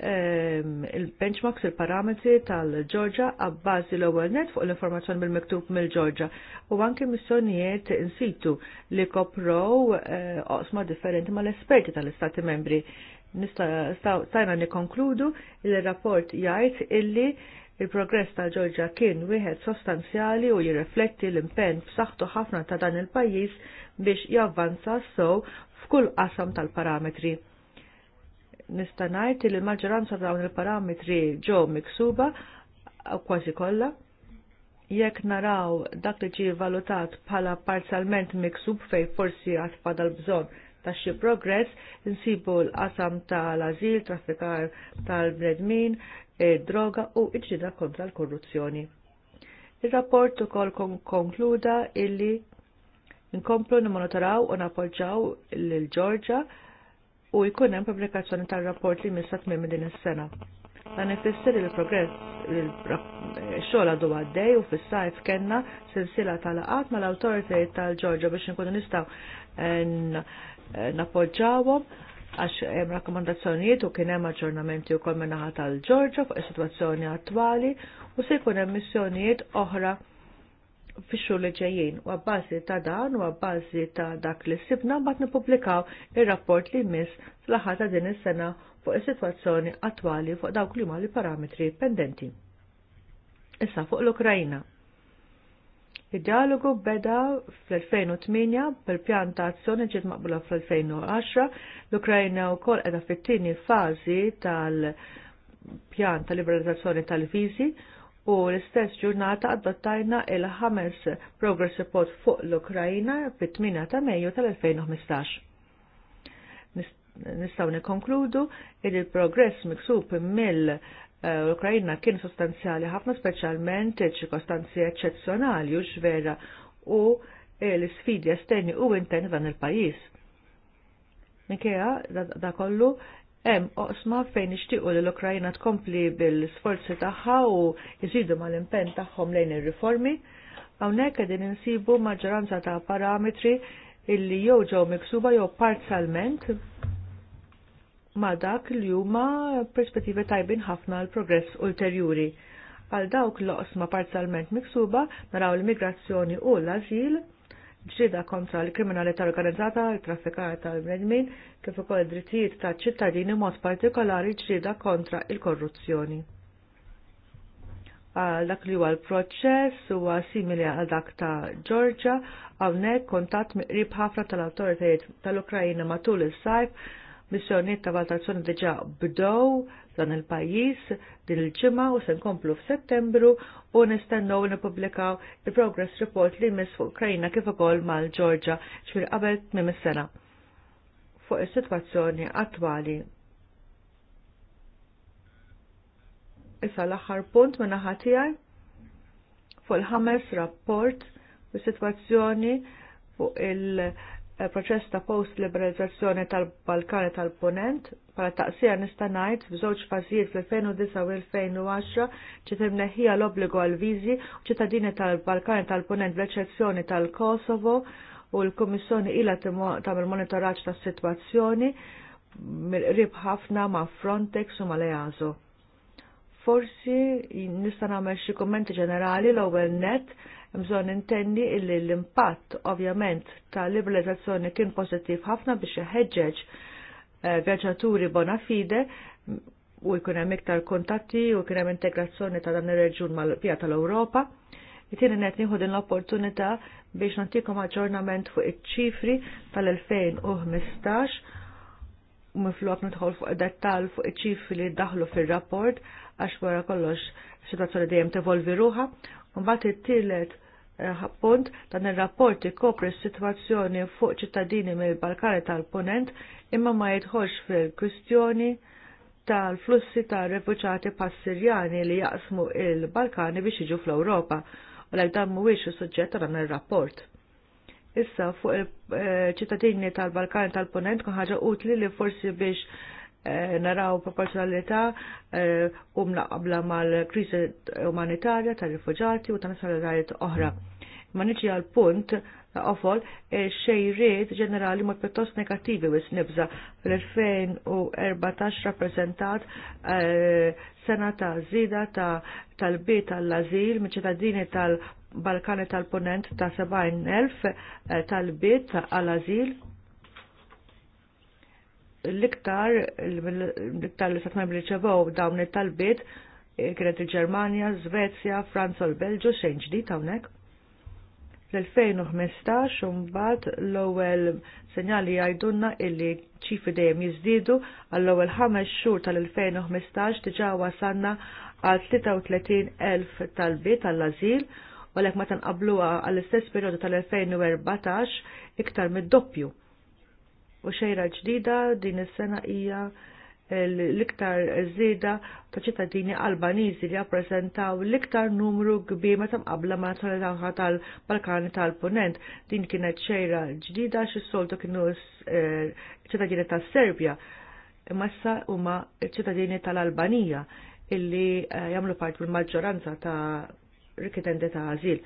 ehm, il-benchmarks il-parametri tal georgia għabbażi l-ewwel net fuq l-informazzjoni mill-miktub mill georgia u anke missjonijiet insitu li koprow eh, oqsma differenti mal-esperti tal-Istati membri. Stajna konkludu il-rapport jgħid illi il-progress ta' georgia kien wieħed sostanzjali u jirrefletti l-impenn f'saħħtu ħafna ta' dan il-pajjiż biex javvanza sow f'kull qasam tal-parametri. Nista' ngħid li l-maġġoranza dawn il-parametri ġew miksuba kważi kollha. Jekk naraw dak li ġie valutat bħala parzialment miksub fejn forsi għad fadal bżonn ta' xi progress, insibu l-qasam tal-azil, traffikar tal-bnedmin, droga u iġġida kontra l-korruzzjoni. Il-rapport ukoll konkluda illi Inkomplu nimmonitoraw u napoġġaw l-Ġorġa u jkun hemm pubblikazzjoni tar-rapport li missa tmiem din is-sena. Dan ifisser il-progress xogħol għadu għaddej u fis-sajf kellna silsila tal-qat mal-awtoritajiet tal-Ġorġa biex inkunu nistgħu eh, eh, napoġġawhom għax hemm rakkomandazzjonijiet u kien hemm aġġornamenti wkoll min-naħa tal-Ġorġa fuq is-sitwazzjoni attwali u se jkun hemm missjonijiet oħra fixxu li ġejjin u għabbażi ta' dan u għabbażi ta' dak li sibna bat nippubblikaw ir-rapport li jmiss fl-aħħar ta' din is-sena fuq is-sitwazzjoni attwali fuq dawk li huma li parametri pendenti. Issa fuq l-Ukrajna. Id-dialogu beda fl-2008 bil-pjan ta' azzjoni ġiet maqbula fl-2010, l-Ukrajna wkoll qiegħda fit-tieni fażi tal- pjan ta' liberalizzazzjoni tal-viżi u l-istess ġurnata adottajna il-ħames Progress Report fuq l-Ukrajina fit-8 ta' Mejju tal-2015. Nistaw nikonkludu il il-progress miksub mill eh, l-Ukrajina kien sostanzjali ħafna speċjalment ċirkostanzi eccezzjonali u ġvera u l-sfidi esterni u interni dan il-pajis. Minkejja da kollu Hemm oqsma fejn ixtiequ li l-Ukrajna tkompli bil-sforzi tagħha u jżidu mal-impenn tagħhom lejn ir-riformi, hawnhekk qegħdin insibu maġġoranza ta' parametri illi jew ġew miksuba jew parzjalment ma' dak li huma perspettivi tajbin ħafna l progress ulterjuri. Għal dawk l-oqsma parzjalment miksuba naraw l-migrazzjoni u l-azil ġrida kontra l-kriminalità organizzata, il-traffikar tal-bnedmin, kif ukoll drittijiet ta' ċittadini mod partikolari ġrida kontra il-korruzzjoni. Għal ah, dak li huwa l-proċess huwa simili għal dak ta' Georgia, hawnhekk kontatt miqrib ħafna tal-awtoritajiet tal-Ukrajina matul is-sajf missjonijiet ta' valutazzjoni diġà bdew dan il-pajjiż din il-ġimgħa u se nkomplu f'Settembru u nistennew nippubblikaw il-progress report li jmiss fuq Ukraina kif ukoll mal-Ġorġa ġbir qabel minn is-sena fuq is-sitwazzjoni attwali. Issa l-aħħar punt minn naħa tiegħi fuq il-ħames rapport fis sitwazzjoni fuq il- proċess ta' post-liberalizzazzjoni tal-Balkani tal-Ponent bħala taqsija nista' ngħid f'żewġ fażijiet fl-2009 u 2010 ġiet imneħħija l-obbligu għal viżi u ċittadini tal-Balkani tal-Ponent bl-eċezzjoni tal-Kosovo u l-Kummissjoni ilha tagħmel monitoraġġ tas-sitwazzjoni mill-qrib ħafna ma' Frontex u ma' easo Forsi nista' nagħmel xi kummenti ġenerali l-ewwel net Mżon intenni illi l-impatt ovvjament ta' liberalizzazzjoni kien pozittiv ħafna biex jeħeġġeġ eh, vjaġġaturi bona fide u jkun hemm iktar kontatti u kien hemm integrazzjoni ta' dan ir-reġjun mal-pija tal-Ewropa. Jtieni qed nieħu din l-opportunità biex nagħtikom aġġornament fuq iċ-ċifri tal-2015 mifluq nidħol fuq id-dettall fuq iċ-ċifri li daħlu fir-rapport għax wara kollox situazzjoni dejjem tevolvi ruha. Mbagħad it-tielet eh, punt dan ir-rapport ikopri s-sitwazzjoni fuq ċittadini mill-Balkani tal-Punent imma ma jidħolx fil-kwistjoni tal-flussi tal refuġati passirjani li jaqsmu il-Balkani biex jiġu fl-Ewropa u l dan mhuwiex is-suġġett dan ir-rapport. Issa fuq il-ċittadini eh, tal-Balkani tal-Punent kun ħaġa utli li forsi biex Eh, naraw proporzjonalità eh, umna qabla mal-kriżi umanitarja tal rifugjati u ta' solidariet oħra. Ma niġi għal punt ofol eh, xejriet ġenerali ma pjuttost negattivi wis nibza fl-2014 rappresentat sena ta' zida ta' tal-bit tal-azil minn ċittadini tal-Balkani tal-Ponent ta' 70.000 tal-bit għal-azil l-iktar l-iktar li satmem li ċevaw dawn it-talbiet eh, kienet il ġermania Svezja, Franza u l-Belġu xejn ġdid hawnhekk l-2015 umbat l-ewwel senjali jgħidulna illi ċifi dejjem jiżdiedu għall-ewwel ħames xhur tal-2015 diġà wasanna għal 33,000 talbiet għall azil u l-ek ma tanqabluha għall-istess perjodu tal-2014 iktar mid-doppju. U xejra ġdida din is-sena hija l-iktar żieda ta' ċittadini Albaniżi li jappreżentaw l-iktar numru kbir meta mqabbla ma' nazzjonalità tal-Balkani tal-Punent. Din kienet xejra ġdida xi soltu kienu eh, ċittadini tas-Serbja imma issa huma ċittadini tal-Albanija illi eh, jagħmlu part mill-maġġoranza ta' rikitendi ta' għażil.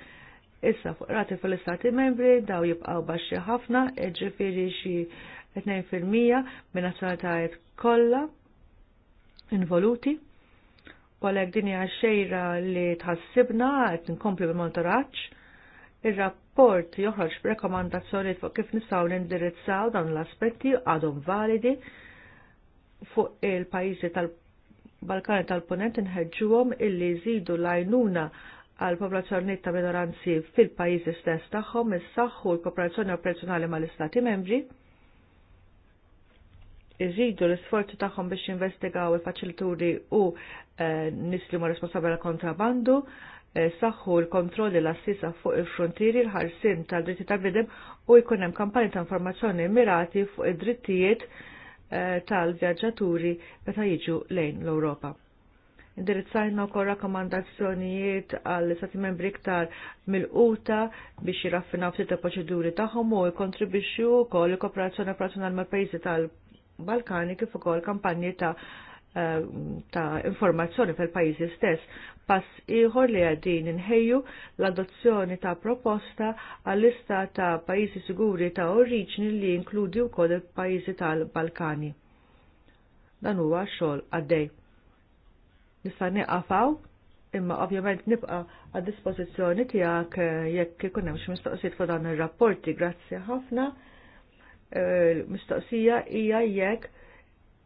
Issa fuq rati fil-istati membri daw jibqgħu baxxi ħafna, e ġifieri xi 2% minn nazzjonalitajiet kollha involuti u din hija xejra li tħassibna qed inkomplu bil-monitoraġġ. Ir-rapport joħroġ b'rekomandazzjonijiet fuq kif nistgħu nindirizzaw dawn l-aspetti għadhom validi fuq il-pajjiżi tal-Balkani tal-Punent inħeġġuhom illi jżidu l-għajnuna għal popolazzjonijiet ta' minoranzi fil-pajjiżi stess tagħhom issaħħu l-kooperazzjoni operazzjonali mal-Istati membri irridu l-isforzi tagħhom biex jinvestigaw il-faċilituri u eh, nis li ma responsabbli kontrabandu, eh, saħħu l-kontrolli l-assisa fuq il-frontieri l-ħarsin tal-dritti tal-bidem u jkun hemm kampanji ta' informazzjoni mirati fuq id-drittijiet eh, tal-vjaġġaturi meta jiġu lejn l-Ewropa indirizzajna wkoll rakkomandazzjonijiet għall stati membri iktar mil quta biex jiraffinaw ftit il-proċeduri tagħhom u jkontribwixxu wkoll il-kooperazzjoni operazzjonali mal-pajjiżi tal Balkani kif ukoll kampanji ta' eh, ta' informazzjoni fil-pajjiżi stess. Pass ieħor li għaddin inħejju l-adozzjoni ta' proposta għall-lista ta' pajjiżi siguri ta' oriġni li jinkludi wkoll il-pajjiżi tal-Balkani. Dan huwa xogħol għaddej. Nista' neqafaw imma ovvjament nibqa' għad dispożizzjoni tiegħek eh, jekk ikun hemm xi mistoqsijiet fuq dan ir-rapporti. Grazzi ħafna mistoqsija hija jekk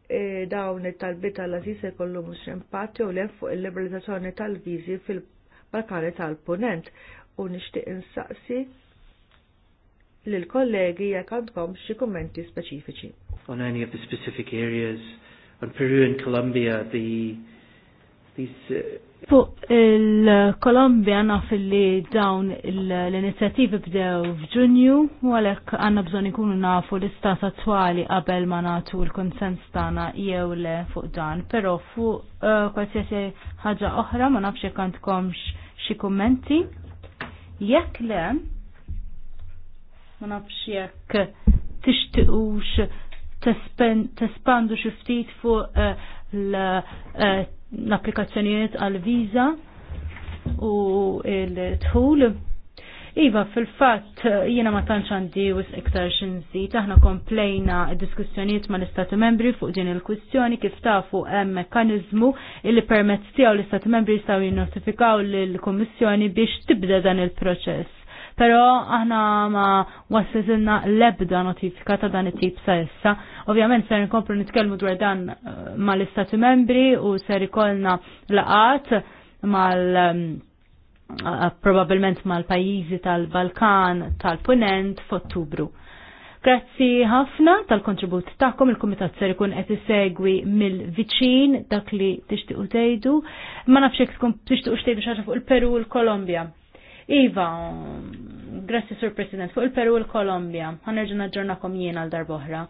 e, dawn it talbi tal-Aziz ikollu mhux impatt jew le fuq il-liberalizzazzjoni tal-viżi fil-Balkani tal-Punent u nixtieq insaqsi lil kollegi jekk għandkom xi kummenti speċifiċi. On any of the specific areas on Peru and Colombia the these uh, Fuq il-Kolombja naf li dawn l-inizjattivi bdew f'Ġunju u għalhekk għandna bżonn ikunu nafu l-istat attwali qabel ma nagħtu l-konsens tagħna jew le fuq dan, però fuq qualsiasi eh, ħaġa oħra ma nafx jekk għandkomx xi kummenti. Jekk le ma nafx jekk tixtiqux tespandu xi ftit fuq eh, l eh, l-applikazzjonijiet għal viza u l tħul Iva, fil-fat, jiena ma tantx għandi s iktar xinsi, taħna komplejna diskussjonijiet ma l-Istati membri fuq din il-kwistjoni kif tafu hemm mekkanizmu li permezz tiegħu l-Istati membri jistgħu jinnotifikaw lill-Kummissjoni biex tibda dan il-proċess pero aħna ma l lebda notifika ta' dan it-tip sa' issa. Ovvjament ser nkomplu nitkellmu dwar dan eh, mal istati membri u ser ikolna laqat mal eh, probabilment mal-pajizi tal-Balkan tal-Punent f'Ottubru. Grazzi ħafna tal-kontribut tagħkom il-Kumitat ser ikun qed isegwi mill-viċin dak li tixtiequ tgħidu. Ma nafx jekk tkun tixtiequ xtejdu xi fuq il-Peru u l-Kolombja. Iva, grazie Sur President, fuq il-Peru u l-Kolombja, ħanerġu naġġornakom jien għal darboħra.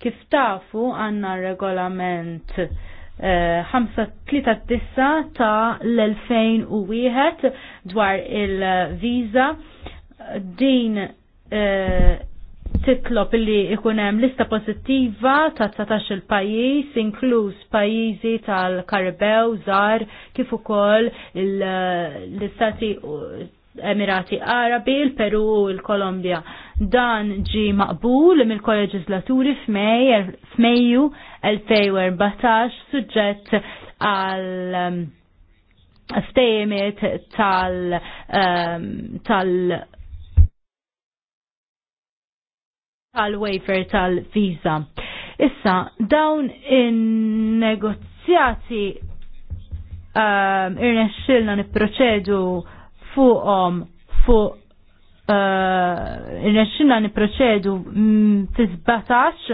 Kif tafu għanna regolament 539 eh, ta' l-2001 dwar il-viza din eh, titlop li ikunem lista pozittiva ta' 19 il-pajis, inkluż pajizi tal-Karibew, Zar, kif ukoll l-istati Emirati Arabi, il-Peru, u il-Kolombja. Dan ġi maqbul mill-koreġislaturi f'Mejju 2014 suġġett għal stejmiet um, tal um, tal tal-wafer tal-visa. Issa, dawn in-negozjati um, irnexxilna niproċedu fuqhom fuq eh, irnexxina niproċedu mm, fi 17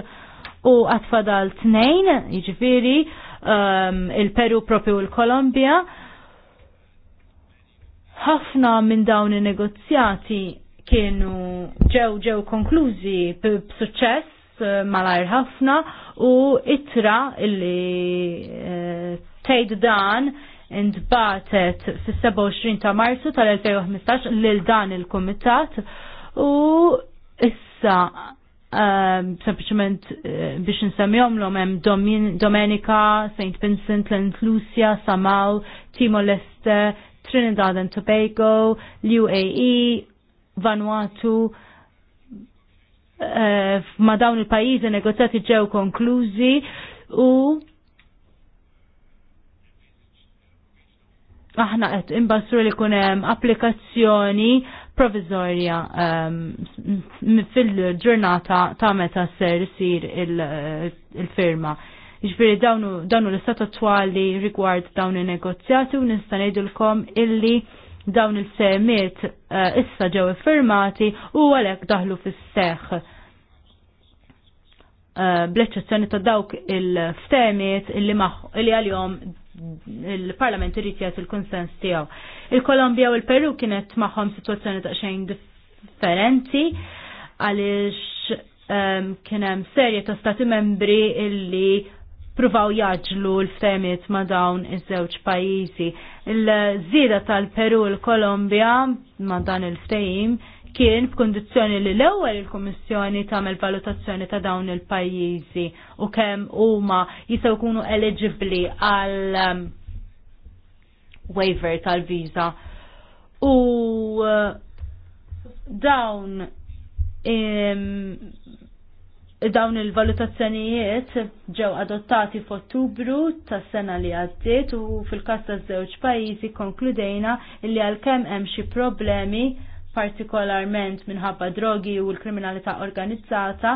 u għatfadal tnejn, jiġifieri eh, il-Peru propju l kolombia Ħafna minn dawn in-negozjati kienu ġew ġew konklużi b'suċċess eh, malajr ħafna u itra illi tgħid dan intbatet fis-27 ta' Marzu tal-2015 lil dan il-Kumitat u issa ehm, sempliciment eh, biex nsemmihom l hemm Domenica, St. Vincent, Lent Lucia, Samal, Timor Leste, Trinidad and Tobago, UAE, Vanuatu. Eh, ma dawn il-pajjiżi negozjati ġew konklużi u aħna qed imbassru li kunem hemm applikazzjoni provizorja ehm, fil-ġurnata ta' meta ser isir il-firma. Iġbiri dawnu l-istat attuali rigward dawn in-negozjati u nista' ngħidulkom illi dawn il-semiet eh, issa ġew firmati u għalhekk daħlu fis-seħħ eh, bl-eċċezzjoni ta' dawk il-ftemiet illi għal-jom il-Parlament irid jagħti il-konsens tiegħu. il kolombia u l-Peru kienet magħhom sitwazzjoni ta' xejn differenti għaliex um, kien hemm serje ta' stati membri illi pruvaw jaġlu l-femiet ma' dawn iż-żewġ pajjiżi. Il-żieda tal-Peru l kolombia ma' dan il-ftehim kien f'kondizzjoni li l-ewwel il-Kummissjoni tagħmel valutazzjoni ta' dawn il-pajjiżi u kemm huma jistgħu jkunu eligibbli għal um, waiver tal-viża. U uh, dawn um, dawn il-valutazzjonijiet ġew adottati f'Ottubru tas-sena li għaddiet u fil-każ taż-żewġ pajjiżi konkludejna li għalkemm hemm xi problemi partikolarment minħabba drogi u l-kriminalità organizzata,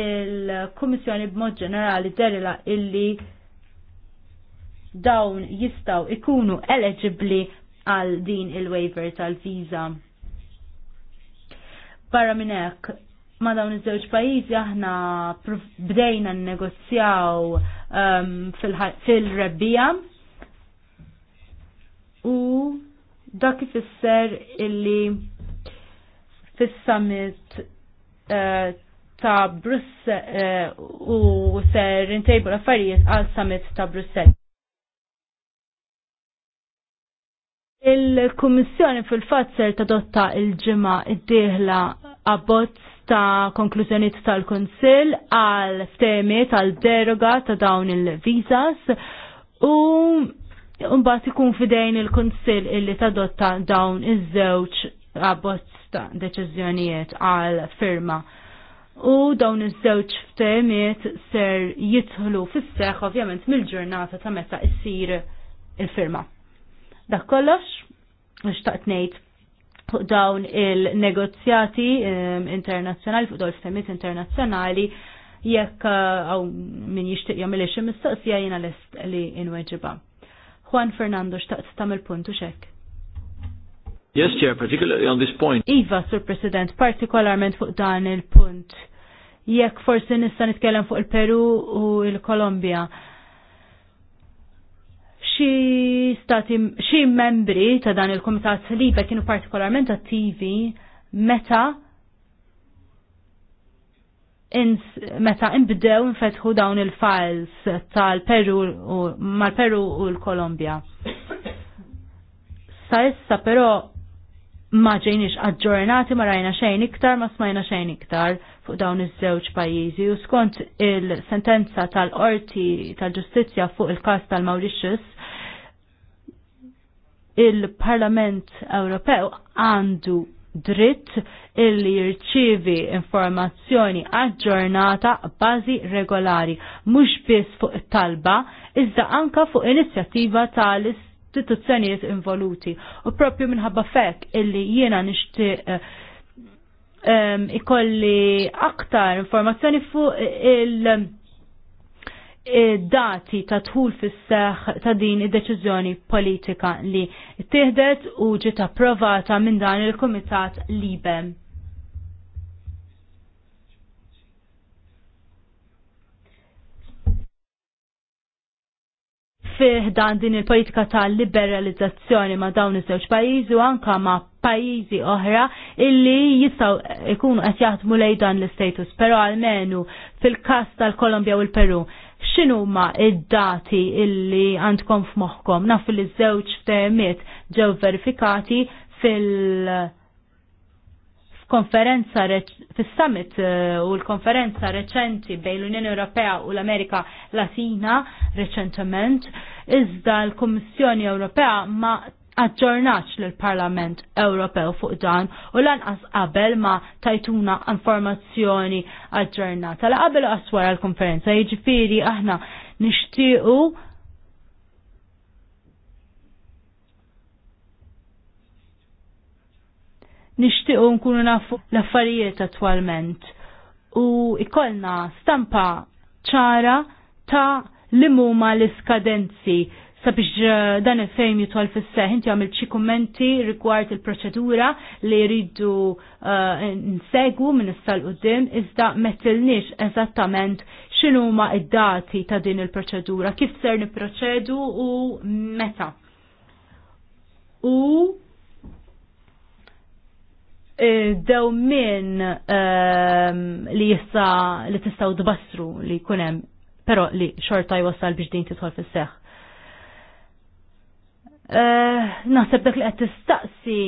il-Kummissjoni b'mod ġenerali derila illi dawn jistaw ikunu eligibli għal din il-waiver tal visa Barra minn hekk, ma dawn iż-żewġ pajjiżi aħna bdejna nnegozjaw um, fil-rebbija fil u dak ifisser illi fis-summit eh, ta' Brussel eh, u ser intejbu l-affarijiet għal summit ta' Brussel. Il-Kummissjoni fil-fatt ser tadotta il-ġimgħa id-dieħla abbozz ta' konklużjoniet tal-Konsil għal ftemi tal-deroga ta' dawn il-vizas u mbagħad ikun fidejn il-Konsil illi tadotta dawn iż-żewġ abbozz ta' deċiżjonijiet għal firma. U dawn iż-żewġ ftehmiet ser jidħlu fis-seħħ ovvjament mill-ġurnata ta' meta issir il-firma. Dak kollox, xtaqt ngħid fuq dawn il-negozjati ehm, internazzjonali, fuq dawn il-ftehmiet internazzjonali, jekk għaw eh, min jishtiq jagħmel xi mistoqsija jiena lest li inweġiba. Juan Fernando xtaqt tagħmel il u xekk. Yes, Chair, particularly on this point. Iva, Sur President, partikolarment fuq dan il-punt. Jekk forsi nista' nitkellem fuq il-Peru u il-Kolombja. Xi stati xi membri ta' dan il-Kumitat Liba kienu partikolarment attivi meta ins, meta inbdew infetħu dawn il-files tal-Peru mal-Peru u l-Kolombja. Sa issa però ma ġejniex aġġornati ma rajna xejn iktar, ma smajna xejn iktar fuq dawn iż-żewġ pajjiżi u skont il-sentenza tal-qorti tal-ġustizzja fuq il-każ tal-Mauritius il-Parlament Ewropew għandu dritt illi jirċivi informazzjoni aġġornata bazi regolari, mhux biss fuq it-talba, iżda anka fuq inizjattiva tal-ist istituzzjonijiet involuti. U propju minħabba fek illi jiena nixtieq eh, ehm, ikolli aktar informazzjoni fuq il- dati ta' tħul fis-seħ ta' din id-deċiżjoni politika li tieħdet u ġiet approvata minn dan il-Kumitat Libem. fih dan din il-politika ta' liberalizzazzjoni ma' dawn iż-żewġ pajjiżi u anka ma' pajjiżi oħra illi jistgħu jkunu qed jaħdmu lejn dan l-istatus, però għalmenu fil-każ tal-Kolombja u l-Peru. X'inhu huma id-dati illi għandkom f'moħħkom? Naf li ż-żewġ ftehmiet ġew verifikati fil- konferenza fis-summit eh, u l-konferenza reċenti bejn l-Unjoni Ewropea u l-Amerika Latina reċentement, iżda l-Kummissjoni Ewropea ma aġġornax l-Parlament Ewropew fuq dan u lanqas qabel ma tajtuna informazzjoni aġġornata. La qabel u aswara l-konferenza, jiġifieri aħna nixtiequ nixtiequ nkunu nafu l-affarijiet attwalment. U ikollna stampa ċara ta' li huma l-iskadenzi sabiex eh, dan il-fejm jitwal fis-seħ, inti għamil xi kummenti rigward il-proċedura li jridu eh, nsegu minn is sal qudiem iżda mettilniex eżattament x'inhuma huma id-dati ta' din il-proċedura, kif ser nipproċedu u meta. U dew min ehm, li jissa li tistaw tbassru li kunem, pero li xorta jwassal biex din titħol fis-seħ. Eh, naħseb dak li qed tistaqsi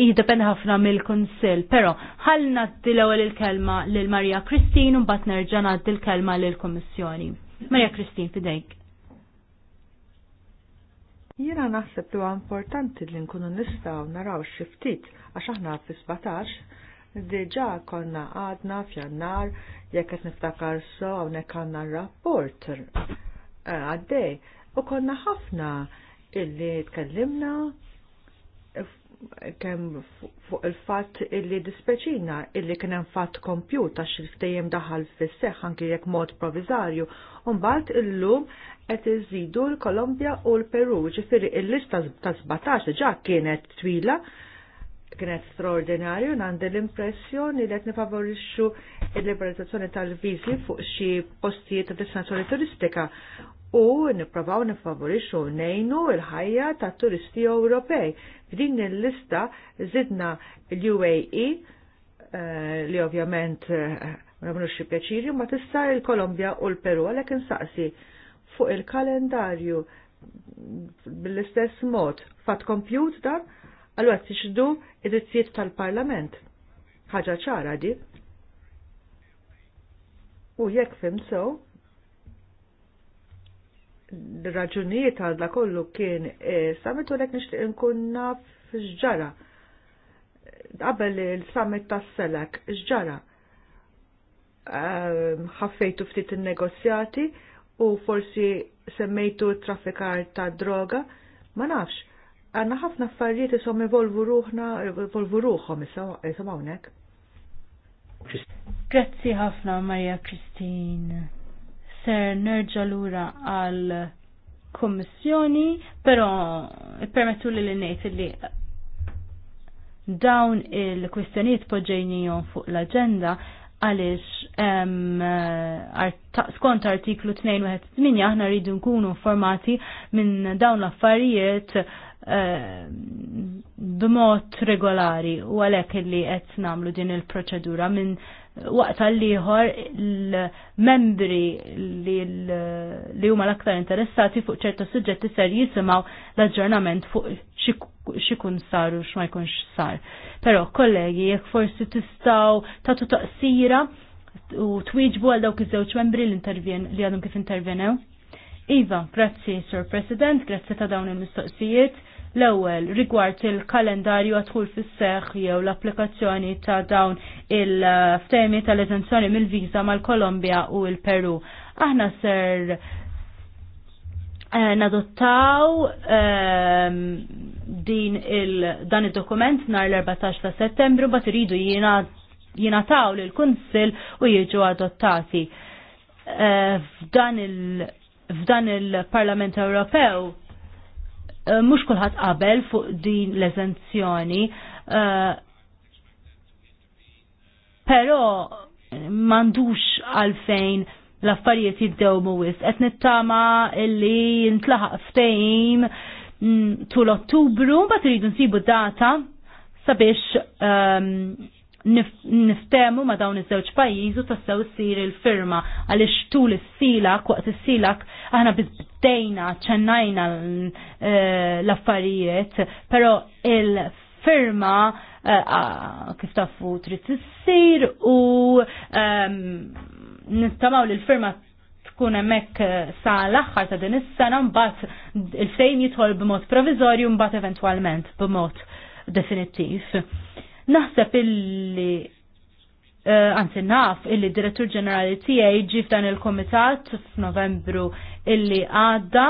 jiddependi ħafna mill-Kunsill, però ħalli nagħti l-ewwel il-kelma lil Marja Kristin u mbagħad nerġa' nagħti l-kelma lill-Kummissjoni. Marja Kristin fidejk. Jiena naħseb li huwa importanti li nkunu nistgħu naraw xi ftit għax aħna fi sbatax diġà konna għadna f'jannar jekk qed niftakar so hawnhekk għandna rapport eh, għaddej u konna ħafna illi tkellimna kemm fuq il-fatt illi dispeċina illi kien hemm fatt kompjuta xi ftejjem daħal fis-seħħ anke jekk mod provizarju u mbagħad illum qed iżidu l-Kolombja u l-Peru, ġifieri il-lista ta' 17 ġa kienet twila, kienet straordinarju, nandi l-impressjoni li qed nifavorixxu il-liberalizzazzjoni tal-viżi fuq xi postijiet ta' destinazzjoni turistika u nipprovaw nifavorixxu nejnu il-ħajja ta' turisti Ewropej. F'din il-lista żidna l-UAE eh, li ovvjament eh, ma nagħmlux xi pjaċiri, ma tista' il-Kolombja u l-Peru għalhekk insaqsi fuq il-kalendarju bl-istess mod fat kompjut dan, allura tixdu id-dizziet tal-parlament. ħaġa ċara di. U jekk fim so, raġunijiet għadla kollu kien e, u lek nishtiq nkunna f'ġġara. Qabel il-summit tas selek ġġara. Ehm, ħaffejtu ftit il-negozjati, u forsi semmejtu traffikar ta' droga, ma nafx. Għanna ħafna affarijiet isom evolvu ruħna, evolvu ruħom jisom hawnhekk. Grazzi ħafna Maria Kristin. Ser nerġa' lura għal kommissjoni, però permettu li li ngħid li dawn il-kwistjonijiet poġġejnijhom fuq l-aġenda għaliex eh, skont artiklu 28 aħna rridu nkunu informati minn dawn l-affarijiet eh, b'mod regolari u għalhekk li qed nagħmlu din il-proċedura minn waqta għall-ieħor l-membri li huma l-aktar interessati fuq ċertu suġġetti ser jisimgħu l-aġġornament fuq xikun saru u x'ma jkunx sar. Però kollegi, jekk forsi tistgħu tagħtu taqsira u twiġbu għal dawk iż-żewġ membri li għadhom kif intervjenew. Iva, grazzi, Sir President, grazzi ta' dawn il-mistoqsijiet L-ewwel rigward il-kalendarju għadħul fis-seħħ jew l-applikazzjoni ta' dawn il-ftehmi tal-eżenzjoni mill-viża mal-Kolombja u l-Peru. Aħna ser eh, nadottaw ehm, din il dan id dokument nar l-14 ta' settembru bat iridu jingħataw lill kunsil u jiġu adottati. Eh, f'dan il-Parlament Ewropew Eh, mux kullħat qabel fuq din l-eżenzjoni, eh, pero mandux għalfejn l-affarijiet jibdew mwis. Et nittama illi ntlaħaq ftejn mm, tul ottubru, bat rridu nsibu data sabiex ehm, niftemu ma dawn iż-żewġ pajjiżu tassew issir il-firma għaliex tul is-silak waqt is-silak aħna biddejna ċennajna eh, l-affarijiet, però il-firma eh, kif tafu trid issir u ehm, nistamaw li l-firma tkun hemmhekk eh, sa l-aħħar ta' din is-sena mbagħad il-fejn jidħol b'mod proviżorju mbagħad eventwalment b'mod definittiv Naħseb illi għansi eh, naf illi direttur ġenerali tiegħi ġif dan il-komitat f'Novembru illi għadda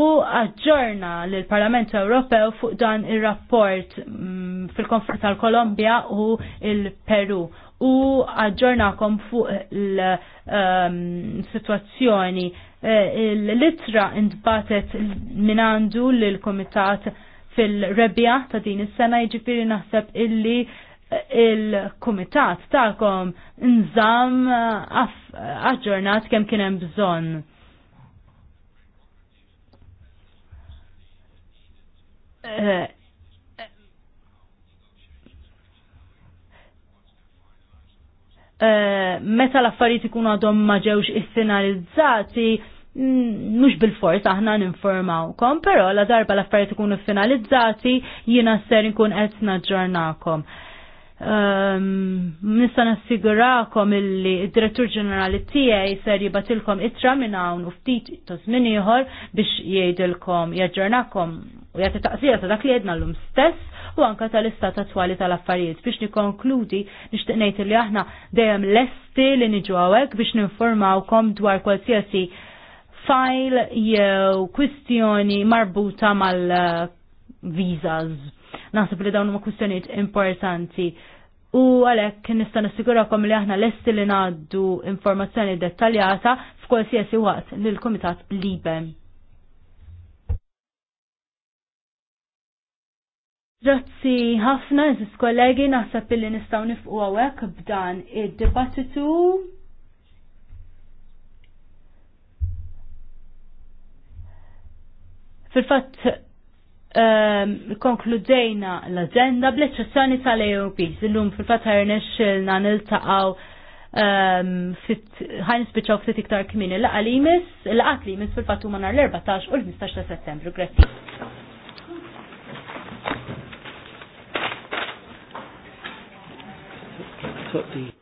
u aġġorna l parlament Ewropew fuq dan ir-rapport mm, fil-konfront tal kolombia u il-Peru u aġġornakom fuq l-situazzjoni ehm, eh, l-litra intbatet minandu l-komitat fil-rebbija ta' din is-sena jiġifieri naħseb illi il-kumitat ta'kom nżam uh, aġġornat kemm kien hemm bżonn. Uh, uh, meta l-affarijiet ikun għadhom ma ġewx is-sinalizzati, mux bil-fors aħna ninformawkom, pero la darba l-affarijiet ikunu finalizzati jina ser nkun qed naġġornakom. Um, nista nassigurakom illi id-direttur ġenerali tiegħi ser jibatilkom itra minn hawn u ftit tos minn ieħor biex jgħidilkom jaġġornakom u jagħti taqsija ta' dak li jedna llum stess u anka tal-istat attwali tal-affarijiet biex nikkonkludi nixtieq ngħid li aħna dejjem lesti li niġu hawnhekk biex ninformawkom dwar qualsiasi file jew kwistjoni marbuta mal-visas. Uh, naħseb li dawn huma kwistjonijiet importanti. U għalek nista' nassigurakom li aħna lesti li ngħaddu informazzjoni dettaljata f'kwalsiasi waqt lil kumitat Libe. Grazzi ħafna, eżis kollegi, naħseb li nistgħu nifqu hawnhekk b'dan id-dibattitu. Fil-fatt um, konkludejna l-agenda bl-eċċezzjoni tal-AOP. Illum fil-fatt ħarnex xilna niltaqaw ehm, ħajn spiċaw ftit iktar kmini l għalimis l għatlimis fil-fatt huma manar l-14 u l-15 ta' Settembru. Grazzi. That's the